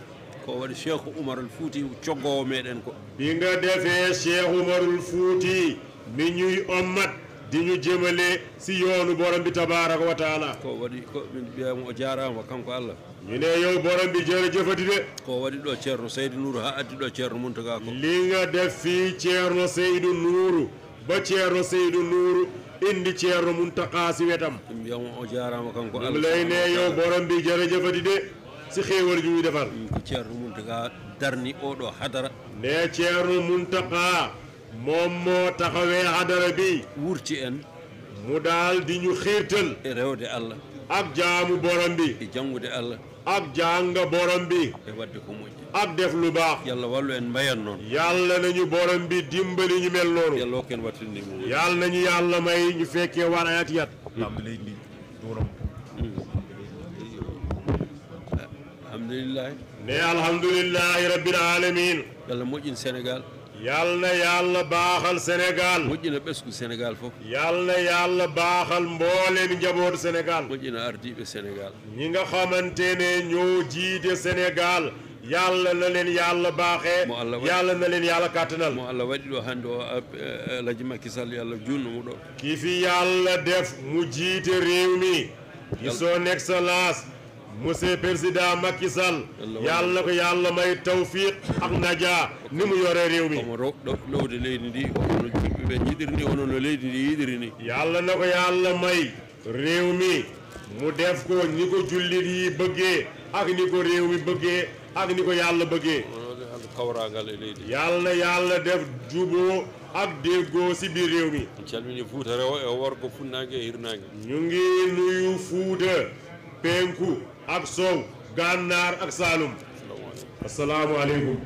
ko waɗi cheikhu oumaral fouti coggoowo meeɗen ko bi nga defee cheikh oumarul fouti mi ñuy ommat di ñu jëmale si yoonu borom bi tabaraka wa taala ko waɗi ko min mbiyaamu o jaaraama kanko allah ñu ne yow borom bi jërëjëfati de ko waɗi ɗo ceerno seydou nouru haa addi ɗo ceerno muntaga ko li nga def fii ceerno seydou nouru ba ceerno Seydou Nourou indi ceerno Muntaqa si wetam. yow o jaaraama kanko mu lay ne yow borom bi jërëjëfati de si xéewal ju ñu defal. ko ceerno Muntaqa darni oɗo hadara. ne ceerno Muntaqa moom moo taxawee hadara bi. wurti en. mu daal di ñu xiirtal. e rewde Allah. ak jaamu borom bi. e jàngude borom bi. E ak def lu baax yàlla wàllu en mbayan noonu yàlla nañu borom bi dimbali ñu mel noonu yàlla wokk en wattindi mu yàlla nañu yàlla may ñu fekkee war ayat yat alhamdulillahi ne alhamdulillahi rabbil alamin yàlla moƴƴin Senegal. yal na yàlla baaxal Sénégal. moƴƴina ɓesgu fof. yal na yàlla baaxal mbooleem Senegal. Sénégal. moƴƴina ardiiɓe Sénégal. ñi nga xamante ne ñoo jiite Sénégal. yàlla na leen yàlla baaxee yàlla na leen yàlla kàttanal mo allah waɗi ɗo hannde o alaji makky sall yo allah junno mu ɗo kii fi yàlla def mu jiite réew mi ki son excellence monsieur président Macky Sall yàlla na ko yàlla may tawfiq ak naja ni mu yore réew mi omo ni yàlla na ko yàlla may réew mi mu def ko ni ko jullit yi bëggee ak ni ko réew mi bëggee ak ni ko yàlla bëggee yàlla na yàlla def juboo ak déggoo ci biir réew mi en calmini fuuta rewo e worgo funnaange e hirnaange ñu ngi nuyu fuuta penku ak sow gànnaar ak saalum asalaamaaleykum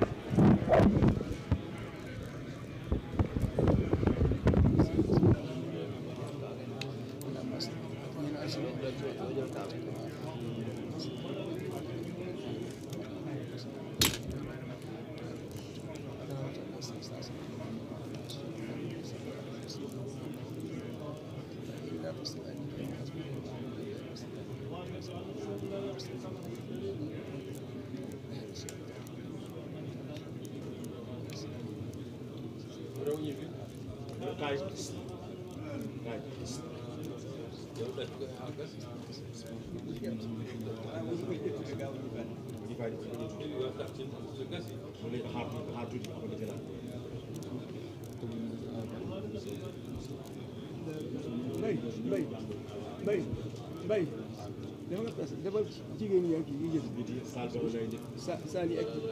جيد سالي اكيد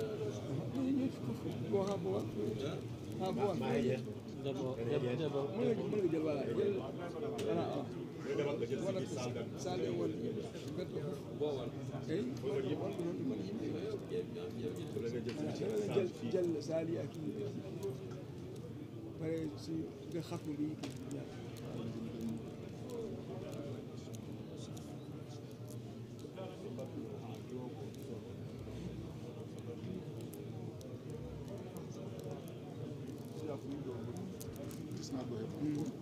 ها بوا ها بوا دابا دابا من اللي قال ولا انا اه سالي اول قلت له بوا اي جل سالي اكيد فريسي بخطو بيك Mm.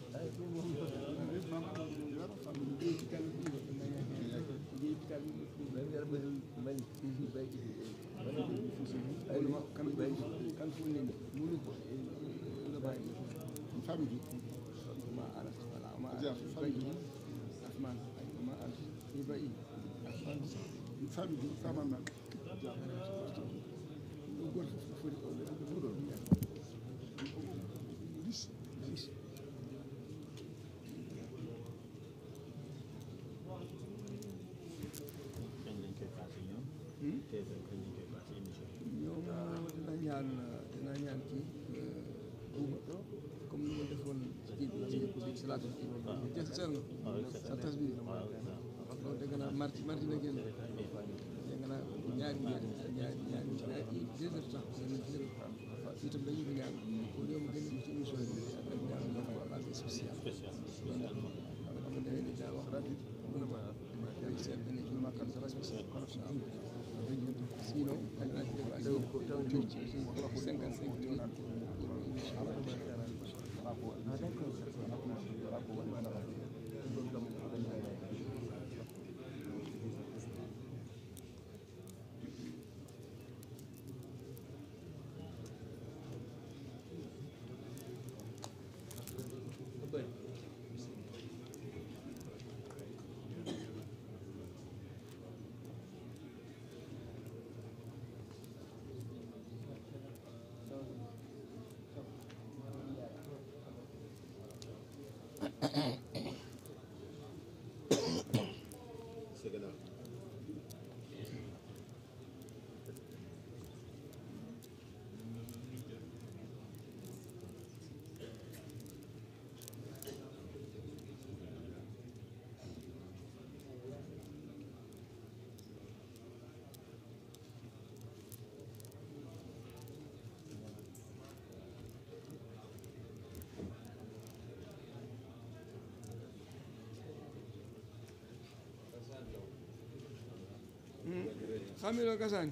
famille Samana ñoom dina ñaan dina ñaan ci comme ni ma defoon ci bi si laaj bi. waaw waaw waaw waaw waaw waaw waaw waaw waaw waaw waaw waaw ñaari ñaari ñaari ñaari deux heures sax parce que ñun dëgg fa itam dañuy gën a ci émission bi ak dañ ñaan nga xam wala bi social loolu am na demee ma dañ seet ne ñu màkkal sa responsable corruption am sinon dañ laa ci def ay 55 minutes Camilo Kazan.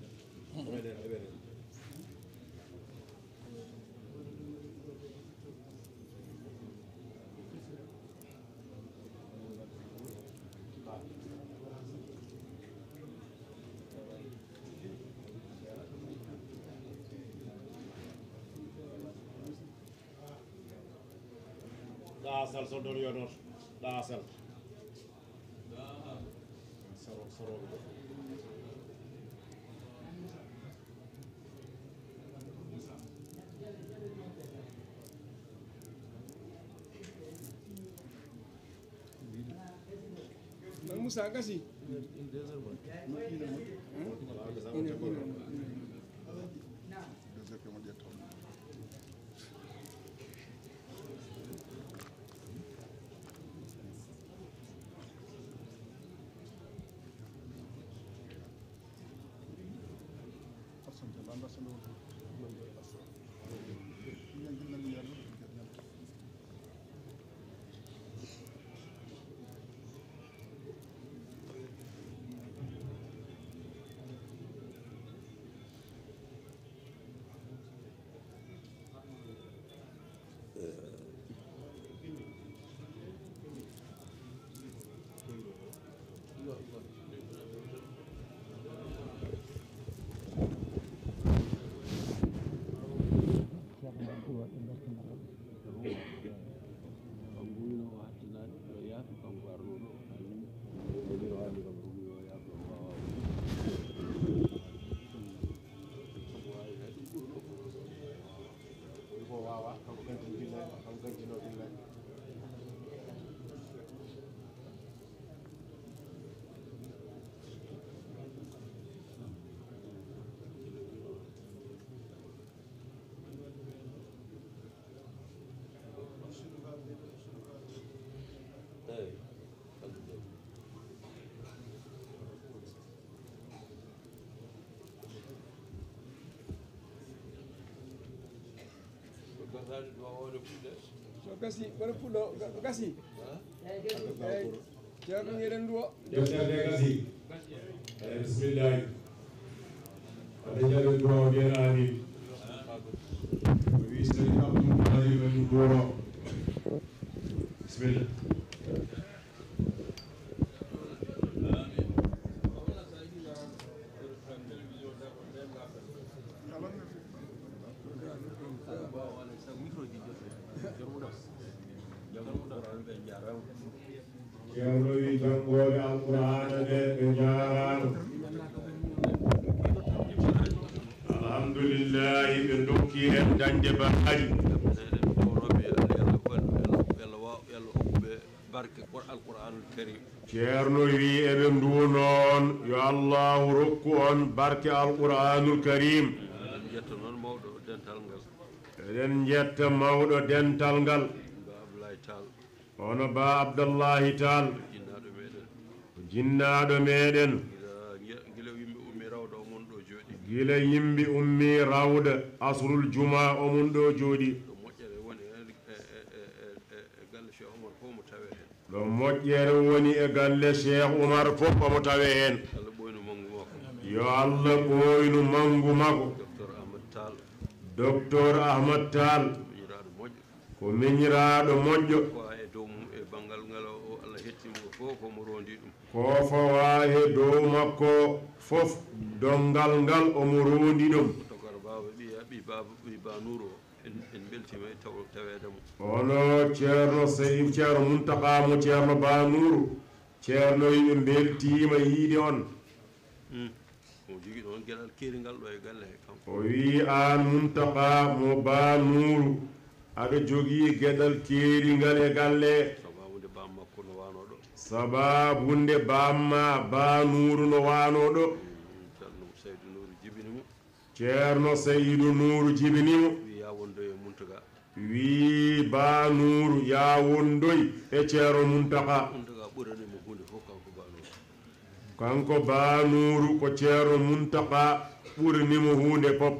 Daha sal soruyor. Daha sal. Daha sal. Sor sor. Moussa Gassi. Abdoulaye Diouf woo Terima kasih. no gasi Terima kasih. Terima kasih. ceerno yeɗen yonde bahari ceerno wi eɓe nduwo noon yo allahu rokku on barke alqouranul karim eɗen jetta mawɗo dental ngal hono ba abdallahi tal jinnaɗo meɗen gila yimɓe ummi rawde asrul juma omun ɗo jooɗi e e, e, ɗo moƴƴere woni e galle cheikh oumar fof omo tawe hen yo allah ɓoynu manggu makko docteur ahmad tall ko miñiraɗo moƴƴo ko fawa he dow makko fof dongal ngal omo rondi ɗum e ono ceerno sey ceerno muntakamo ceerno banuru ceerno yiɓe beltima yiide on hmm. e o wii an muntaka mo banuru aɗa jogui gueɗal keeri ngal e galle sababu nde bamma banuru no wano ɗo ceerno seydou nuru jibinimo wi banuru ya wondoy e ceero muntaka kanko banuru ko ceero muntaka ɓurinimo hunde pop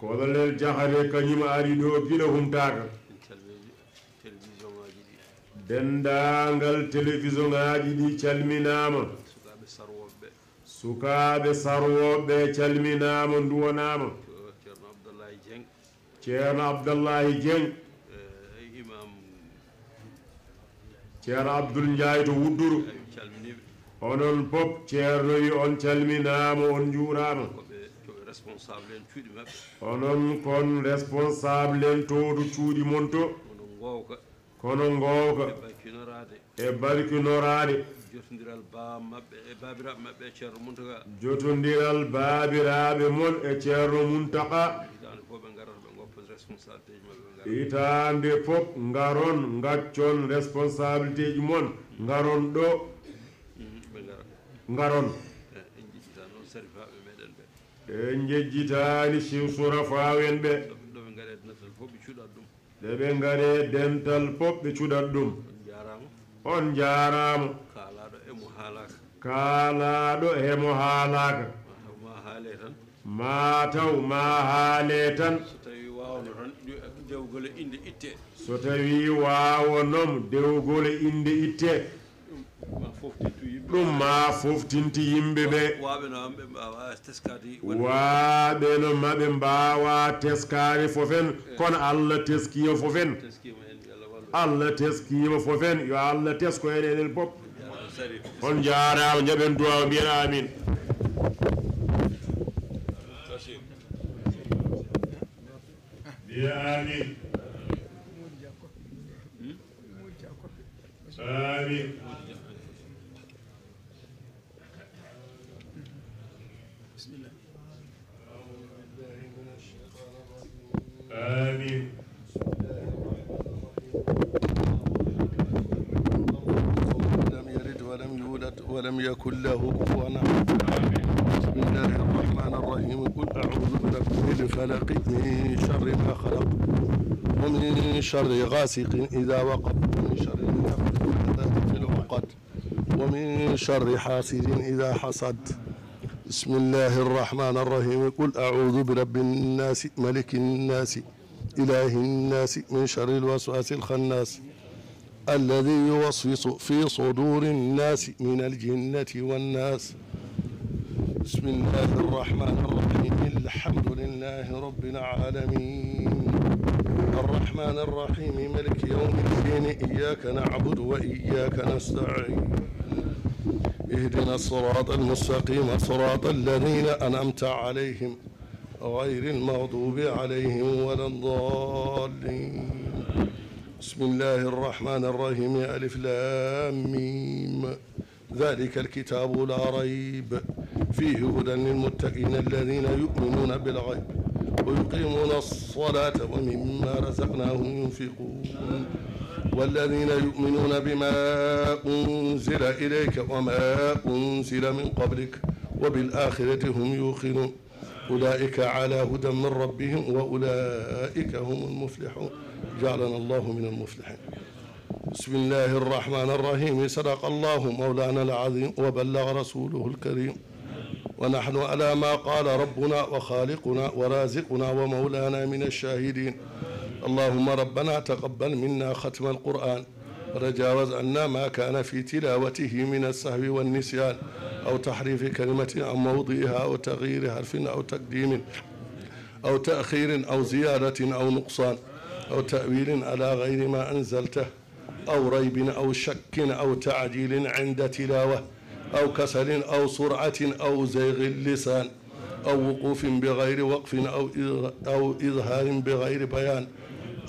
kolonel jahate kañum ari ɗo gila humtaka denndaangal televizyon ŋaaji ɗi calminaama sukaaɓe sarwoɓe calminaama nduwanaama ceerno abdallahi dieng ceerno abdallahi dieng imam ceerno abdoul ndiaye to wudduru onon pop ceernoyi on calminaama on njuuraama responsable en cuuɗi maɓɓe onon kon responsable en toodu cuuɗi mon to kono ngowka e barkinoraade e jotondiral baabiraaɓe e e mon e ceerno muntaka hitaande fof ngaron gaccon responsabilité ji mon ngaron ɗo mhm, ngaron e jejjitaani chiw surafawen ɓe nde ɓe ngari dental pop ɓe cuɗat ɗum on jarama kalaɗo emo haalaka kalaɗo hemo haalaka ma taw ma haale tan so tawi wawno tan dewgol inde itte so tawi wawonom dewgol inde itte ma foftiɗ ɗum ma foftinti yimɓe ɓe waaɓe no maɓe mbawa teskari fofen eh. kono allah teskima fofen allah teskima fofen yo allah tesko en enen pop on jarama jaɓen duwawa mbiyen amin amin hmm? amin ولم يكن له كفوا بسم الله الرحمن الرحيم قل أعوذ برب الفلق من شر ما خلق ومن شر غاسق إذا وقب ومن شر النفاثات في العقد ومن شر حاسد إذا حصد بسم الله الرحمن الرحيم قل أعوذ برب الناس ملك الناس إله الناس من شر الوسواس الخناس الذي يوسوس في صدور الناس من الجنة والناس بسم الله الرحمن الرحيم الحمد لله رب العالمين الرحمن الرحيم ملك يوم الدين إياك نعبد وإياك نستعين اهدنا الصراط المستقيم صراط الذين أنعمت عليهم غير المغضوب عليهم ولا الضالين بسم الله الرحمن الرحيم ألف لام ميم ذلك الكتاب لا ريب فيه هدى للمتقين الذين يؤمنون بالغيب ويقيمون الصلاة ومما رزقناهم ينفقون والذين يؤمنون بما أنزل إليك وما أنزل من قبلك وبالآخرة هم يوقنون أولئك على هدى من ربهم وأولئك هم المفلحون جعلنا الله من المفلحين بسم الله الرحمن الرحيم صدق الله مولانا العظيم وبلغ رسوله الكريم ونحن على ما قال ربنا وخالقنا ورازقنا ومولانا من الشاهدين اللهم ربنا تقبل منا ختم القرآن وتجاوز عنا ما كان في تلاوته من السهو والنسيان أو تحريف كلمة عن موضعها أو تغيير حرف أو تقديم أو تأخير أو زيادة أو نقصان أو تأويل على غير ما أنزلته أو ريب أو شك أو تعجيل عند تلاوه أو كسل أو سرعة أو زيغ اللسان أو وقوف بغير وقف أو أو إظهار بغير بيان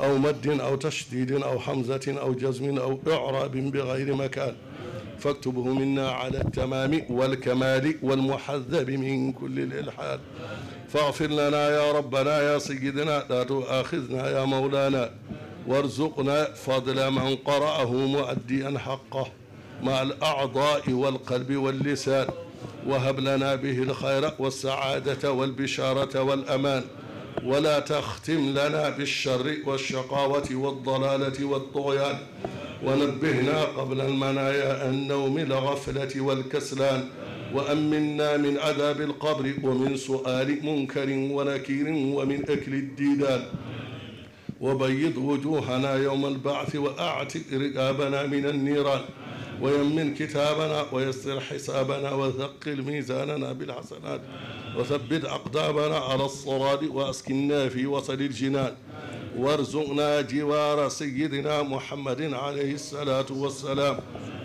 أو مد أو تشديد أو حمزة أو جزم أو إعراب بغير مكان فاكتبه منا على التمام والكمال والمحذب من كل الإلحاد فاغفر لنا يا ربنا يا سيدنا لا تؤاخذنا يا مولانا وارزقنا فضل من قرأه مؤديا حقه مع الأعضاء والقلب واللسان وهب لنا به الخير والسعادة والبشارة والأمان ولا تختم لنا بالشر والشقاوة والضلالة والطغيان ونبهنا قبل المنايا النوم الغفلة والكسلان وأمنا من عذاب القبر ومن سؤال منكر ونكير ومن أكل الديدان وبيض وجوهنا يوم البعث وأعتق رقابنا من النيران ويمن كتابنا ويسر حسابنا وثقل ميزاننا بالحسنات وثبت أقدامنا على الصراط وأسكننا في وسط الجنان وارزقنا جوار سيدنا محمد عليه الصلاة والسلام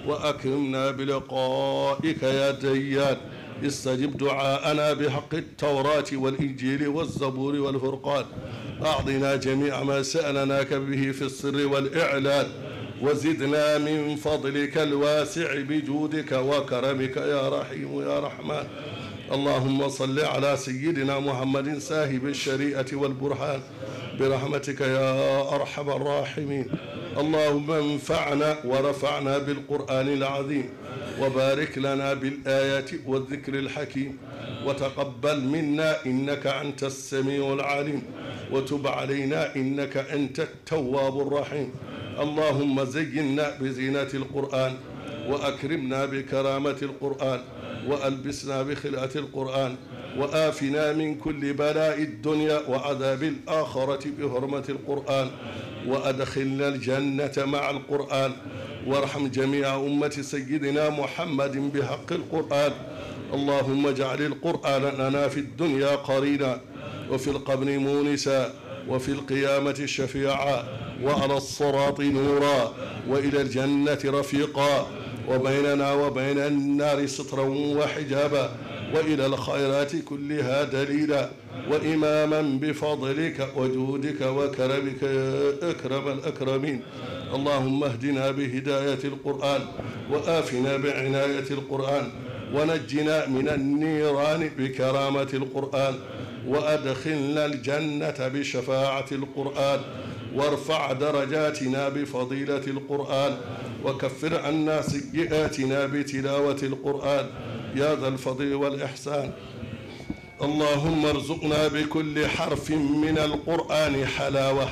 وأكرمنا بلقائك يا ديان استجب دعاءنا بحق التوراة والإنجيل والزبور والفرقان أعطنا جميع ما سألناك به في السر والإعلان وزدنا من فضلك الواسع بجودك وكرمك يا رحيم يا رحمن اللهم صل على سيدنا محمد ساهب الشريعة والبرهان برحمتك يا أرحم الراحمين اللهم انفعنا ورفعنا بالقرآن العظيم وبارك لنا بالآيات والذكر الحكيم وتقبل منا إنك أنت السميع العليم وتب علينا إنك أنت التواب الرحيم اللهم زينا بزينة القرآن وأكرمنا بكرامة القرآن وألبسنا بخلعة القرآن وآفنا من كل بلاء الدنيا وعذاب الآخرة بهرمة القرآن وأدخلنا الجنة مع القرآن وارحم جميع أمة سيدنا محمد بحق القرآن اللهم اجعل القرآن لنا في الدنيا قرينا وفي القبر مونسا وفي القيامة شفيعا وعلى الصراط نورا وإلى الجنة رفيقا وبيننا وبين النار سترا وحجابا وإلى الخيرات كلها دليلا وإماما بفضلك وجودك وكرمك يا أكرم الأكرمين اللهم اهدنا بهداية القرآن وآفنا بعناية القرآن ونجنا من النيران بكرامة القرآن وأدخلنا الجنة بشفاعة القرآن وارفع درجاتنا بفضيلة القرآن وكفر عنا سيئاتنا بتلاوة القرآن يا ذا الفضل والإحسان اللهم ارزقنا بكل حرف من القرآن حلاوة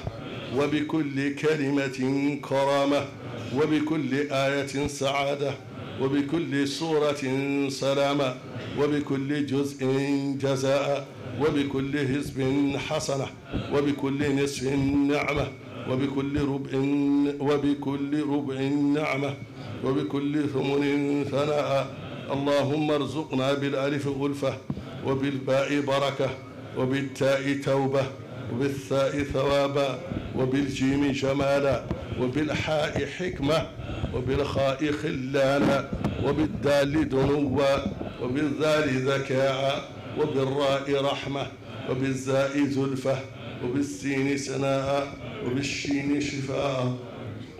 وبكل كلمة كرامة وبكل آية سعادة وبكل صورة سلاما وبكل جزء جزاء وبكل حزب حسنة وبكل نصف نعمة وبكل ربع وبكل ربع نعمة وبكل ثمن ثناء اللهم ارزقنا بالألف غلفة وبالباء بركة وبالتاء توبة وبالثاء ثوابا وبالجيم جمالا وبالحاء حكمة وبالخاء خلانا وبالدال دنوا وبالذال ذكاء وبالراء رحمة وبالزاء زلفة وبالسين سناء وبالشين شفاء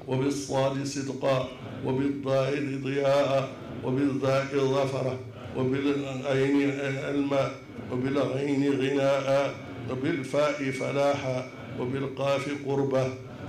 وبالصاد صدقا وبالضائل ضياء وبالذاء ظفرة وبالعين الماء وبالعين غناء وبالفاء فلاحا وبالقاف قربة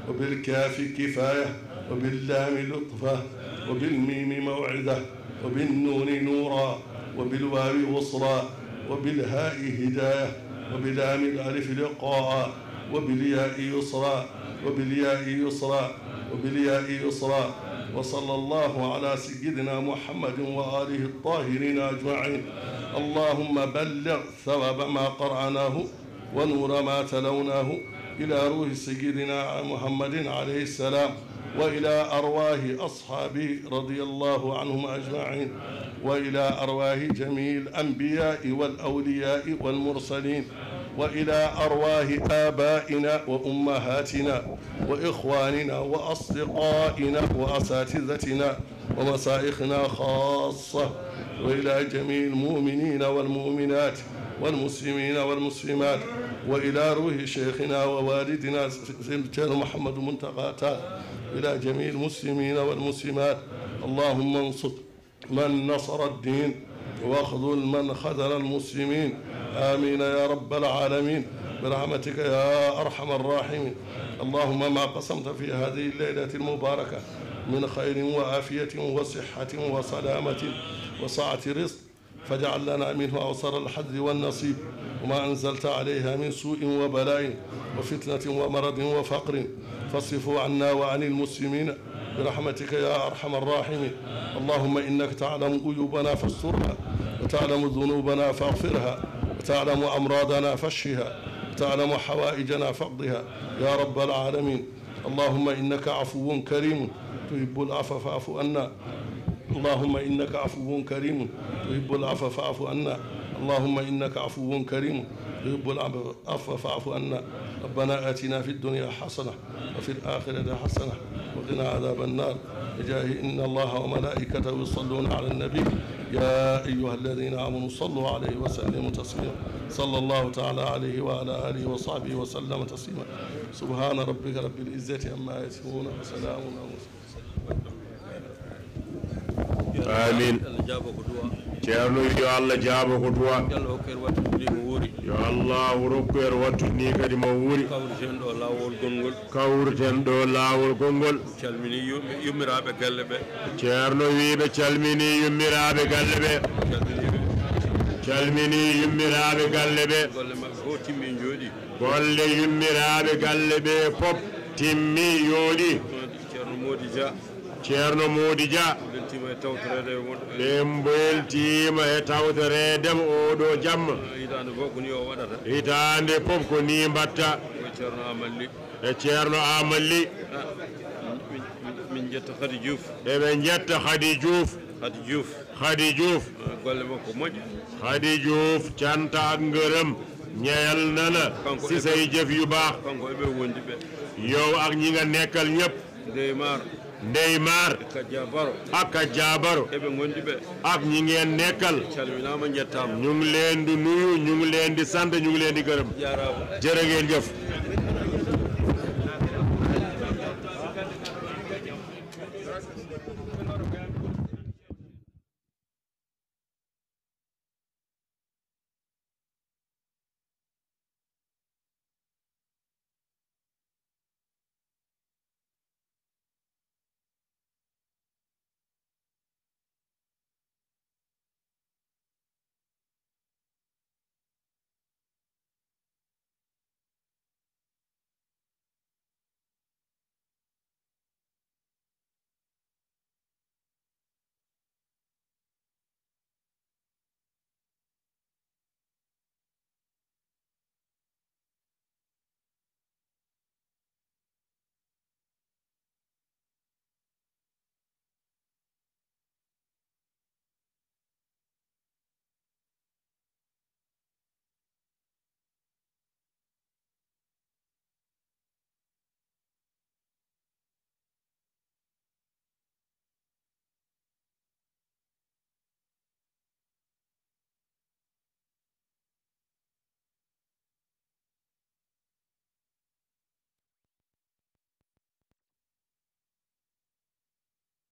وبالكاف كفاية وباللام لطفة وبالميم موعدة وبالنون نورا وبالواو وصرا وبالهاء هداية وبلام الألف لقاء وبالياء يسرا وبالياء يسرا وبالياء يسرا وصلى الله على سيدنا محمد وآله الطاهرين أجمعين اللهم بلغ ثواب ما قرأناه ونور ما تلوناه إلى روح سيدنا محمد عليه السلام وإلى أرواح أصحابه رضي الله عنهم أجمعين وإلى أرواح جميع الأنبياء والأولياء والمرسلين وإلى أرواح آبائنا وأمهاتنا وإخواننا وأصدقائنا وأساتذتنا ومسائخنا خاصة وإلى جميع المؤمنين والمؤمنات والمسلمين والمسلمات وإلى روح شيخنا ووالدنا سيدنا محمد منتقاتان إلى جميع المسلمين والمسلمات اللهم انصر من نصر الدين واخذل من خذل المسلمين آمين يا رب العالمين برحمتك يا أرحم الراحمين اللهم ما قسمت في هذه الليلة المباركة من خير وعافية وصحة وسلامة وسعة رزق فاجعل لنا منه أوصر الحظ والنصيب وما أنزلت عليها من سوء وبلاء وفتنة ومرض وفقر فاصرفه عنا وعن المسلمين برحمتك يا أرحم الراحمين اللهم إنك تعلم أيوبنا فاسترها وتعلم ذنوبنا فاغفرها وتعلم أمراضنا فاشفها وتعلم حوائجنا فاقضها يا رب العالمين اللهم إنك عفو كريم تحب العفو فاعف عنا اللهم إنك عفو كريم تحب العفو فاعف عنا اللهم إنك عفو كريم تحب العفو فاعف عنا ربنا آتنا في الدنيا حسنة وفي الآخرة حسنة وقنا عذاب النار اجاه إن الله وملائكته يصلون على النبي يا أيها الذين آمنوا صلوا عليه وسلموا تسليما صلى الله تعالى عليه وعلى آله وصحبه وسلم تسليما سبحان ربك رب العزة عما يصفون وسلام على المرسلين amin ceerno yo allah jaaba ko duwa yo allahu rokku en er wattudni kadi mo wuuri kawriten ɗo laawol gonngol kawriten ɗo laawol gonngol calmini yummiraɓe galle ɓe ceerno wiiɓe calmini yummiraɓe galle ɓe calmini yummiraɓe galle ɓe golle maɓɓe fof timmi jooɗi golle yummiraɓe galle ɓe fof timmi yooɗi ceerno modi dia ceerno modi dia ɓen beltima e o do jam hitande foof ko ni mbatta e ceerno amali, min jetta hadi diouf eɓen jetta hadi diouf hadi hadi golle ak ñeyal nana si say jëf yu baax yow ak ñi nga nekkal ñep ndeymar aka jaabaro ak ñi ngeen nekkal ñu ngi leen di nuyu ñu leen di sant ñu ngi leen di gërëm jërë ngeen jëf